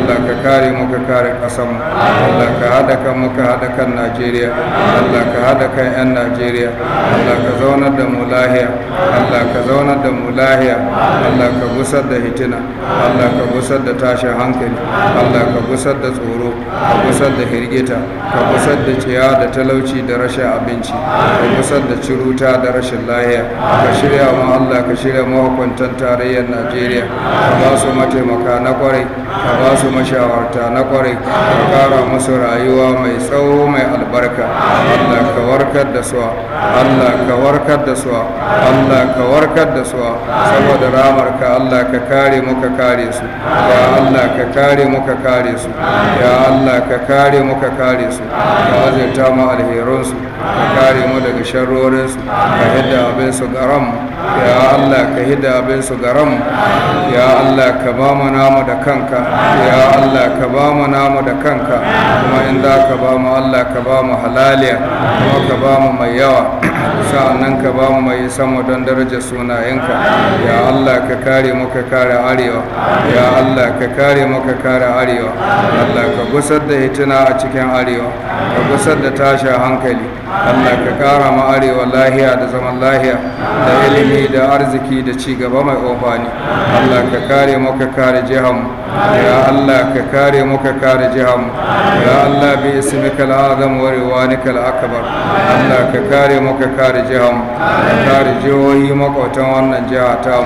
Allah ka kare mu ka kare ƙasar mu Allah ka haɗa kan muka haɗa kan Najeriya Allah ka haɗa kan 'yan Najeriya Allah ka zaunar da mu lahiya Allah ka zaunar da mu lahiya Allah ka busar da hitina Allah ka busar da tashin hankali Allah ka busar da tsoro ka busar da hirgita ka busar da ciya da talauci da rashin abinci ka busar da ciruta da rashin lahiya ka shirya mu Allah ka shirya mahukuntan tarayyar Najeriya ka ba su mataimaka na kwarai ka ba su mashawarta na kwarai kara musu rayuwa mai tsawo mai albarka Allah ka warkar da suwa Allah ka warkar da suwa Allah ka warkar da suwa saboda ramarka Allah ka kare mu ka kare su ya Allah ka kare mu ka kare su ya Allah ka kare mu ka kare su Ya azirta mu alherun su ka kare mu daga sharrorinsu ka hidda abin su garam ya Allah ka hidda abin su garam ya Allah ka ba mu namu da kanka ya Allah ka ba mu namu da kanka kuma in za ka ba mu Allah ka ba mu halaliya kuma ka ba mu mai yawa sa'annan ka ba mu mai sama don daraja sunayenka ya Allah ka kare mu ka kare arewa ya Allah ka kare mu ka kare arewa Allah ka gusar da hitina a cikin arewa ka gusar da tashin hankali Allah ka kara ma arewa lahiya da zaman lahiya da ilimi da arziki da ci gaba mai ofani Allah ka kare mu ka kare jihar ya Allah ka kare mu ka kare jihar ya Allah bi ismika al-azam wa riwanika al-akbar Allah ka kare mu ka kare jihar ka kare jihohi makwatan wannan jiha ta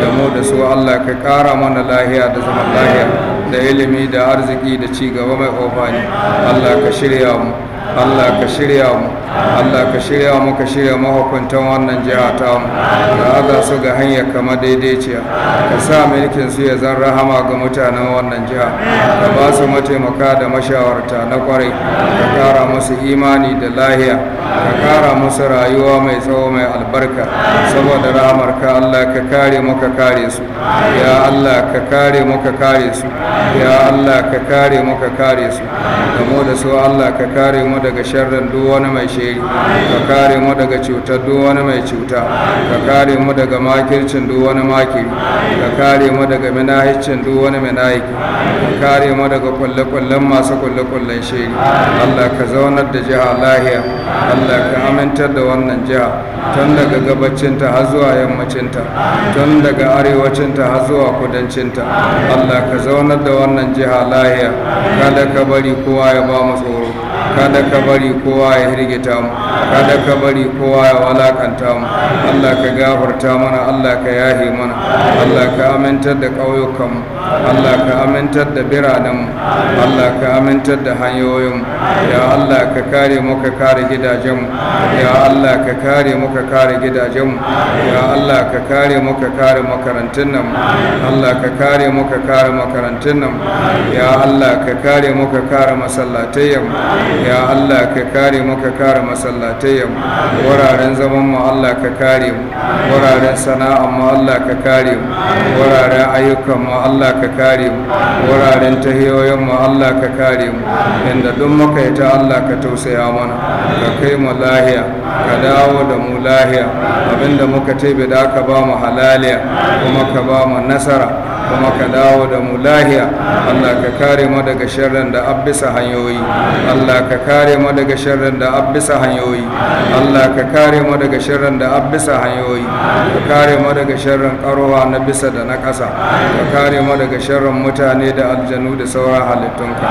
da mu da su Allah ka kara mana lahiya da zaman lahiya da ilimi da arziki da ci gaba mai ofani Allah ka shirya mu Allah ka shirya mu Allah ka shirya mu ka shirya mahukuntan wannan jiha ta mu ka za su ga hanyar kama daidaiciya ka sa mulkin su ya zan rahama ga mutanen wannan jiha ka ba su mataimaka da mashawarta na kwarai ka kara musu imani da lahiya ka kara musu rayuwa mai tsawo mai albarka saboda rahamar ka Allah ka kare mu ka kare su ya Allah ka kare mu ka kare su ya Allah ka kare mu ka kare su da da su Allah ka kare mu mu daga sharrin duk wani mai shiri ka kare mu daga cutar duk wani mai cuta ka kare mu daga makircin duk wani makiri ka kare mu daga minahicin duk wani minahiki ka kare mu daga kulle-kullen masu kulle-kullen shiri Allah ka zaunar da jiha lahiya Allah ka amintar da wannan jiha tun daga gabacinta har zuwa yammacinta tun daga arewacinta har zuwa kudancinta Allah ka zaunar da wannan jiha lahiya kada ka bari kowa ya ba mu tsoro kada ka bari kowa ya hirgita mu kada ka bari kowa ya walakanta mu Allah ka gafarta mana Allah ka yahe mana Allah ka amintar da ƙauyukan mu Allah ka amintar da biranen mu Allah ka amintar da hanyoyin mu ya Allah ka kare mu ka kare gidajen mu ya Allah ka kare mu ka kare gidajen mu ya Allah ka kare mu ka kare makarantun nan Allah ka kare mu ka kare makarantun nan ya Allah ka kare mu ka kare masallatai ya Allah ka kare mu ka kare masallatai mu wuraren zaman mu Allah ka kare mu wuraren sana'a mu Allah ka kare mu wuraren ayyukan mu Allah ka kare mu wuraren tahiyoyin mu Allah ka kare mu inda duk muka yi ta Allah ka tausaya mana ka kai mu lahiya ka dawo da mu lahiya abinda muka tebe da ka ba mu halaliya kuma ka ba mu nasara kuma ka dawo da mu lahiya Allah ka kare mu daga sharrin da abisa hanyoyi Allah ka kare mu daga sharrin da abisa hanyoyi Allah ka kare mu daga sharrin da abisa hanyoyi ka kare mu daga sharrin karowa na bisa da na ƙasa ka kare mu daga sharrin mutane da aljanu da sauran halittunka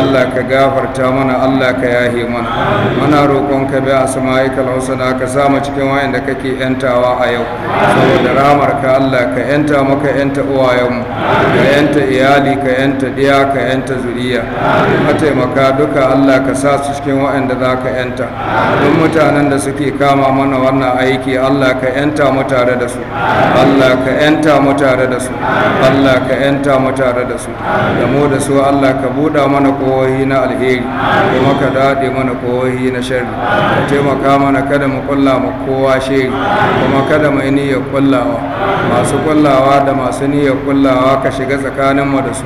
Allah ka gafarta mana Allah ka yahe mana muna roƙon ka bi asma'ikal husna ka sa mu cikin wayanda kake yantawa a yau saboda ramar ka Allah ka yanta maka yanta yau. mu ka yanta iyali ka yanta diya ka yanta zuriya mataimaka duka Allah ka sa su cikin waɗanda za ka yanta duk mutanen da suke kama mana wannan aiki Allah ka yanta mu tare da su Allah ka yanta mu tare da su Allah ka yanta mu tare da su da mu da su Allah ka buɗa mana kowahi na alheri kuma ka daɗe mana kowahi na sharri ka taimaka mana kada mu kulla mu kowa shiri kuma kada mu yi niyyar kullawa masu kullawa da masu niyyar kullawa kullawa ka shiga tsakaninmu da su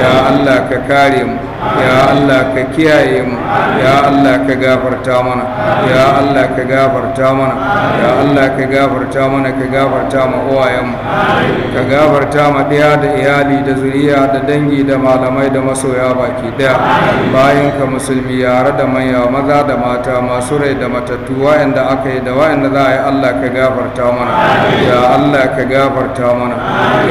ya Allah ka kare mu ya Allah ka kiyaye mu ya Allah ka gafarta mana ya Allah ka gafarta mana ya Allah ka gafarta mana ka gafarta ma uwayenmu ka gafarta ma ɗaya da iyali da zuriya da dangi da malamai da masoya baki ɗaya bayan ka musulmi yare da manya maza da mata masu rai da matattu wa'anda aka yi da wa'anda za a yi Allah ka gafarta mana ya Allah ka gafarta mana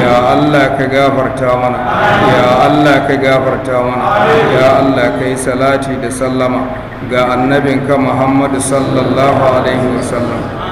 ya Allah Allah ka gafarta mana ya Allah ka gafarta mana ya Allah ka yi salati da sallama ga annabinka Muhammadu sallallahu alaihi wasallam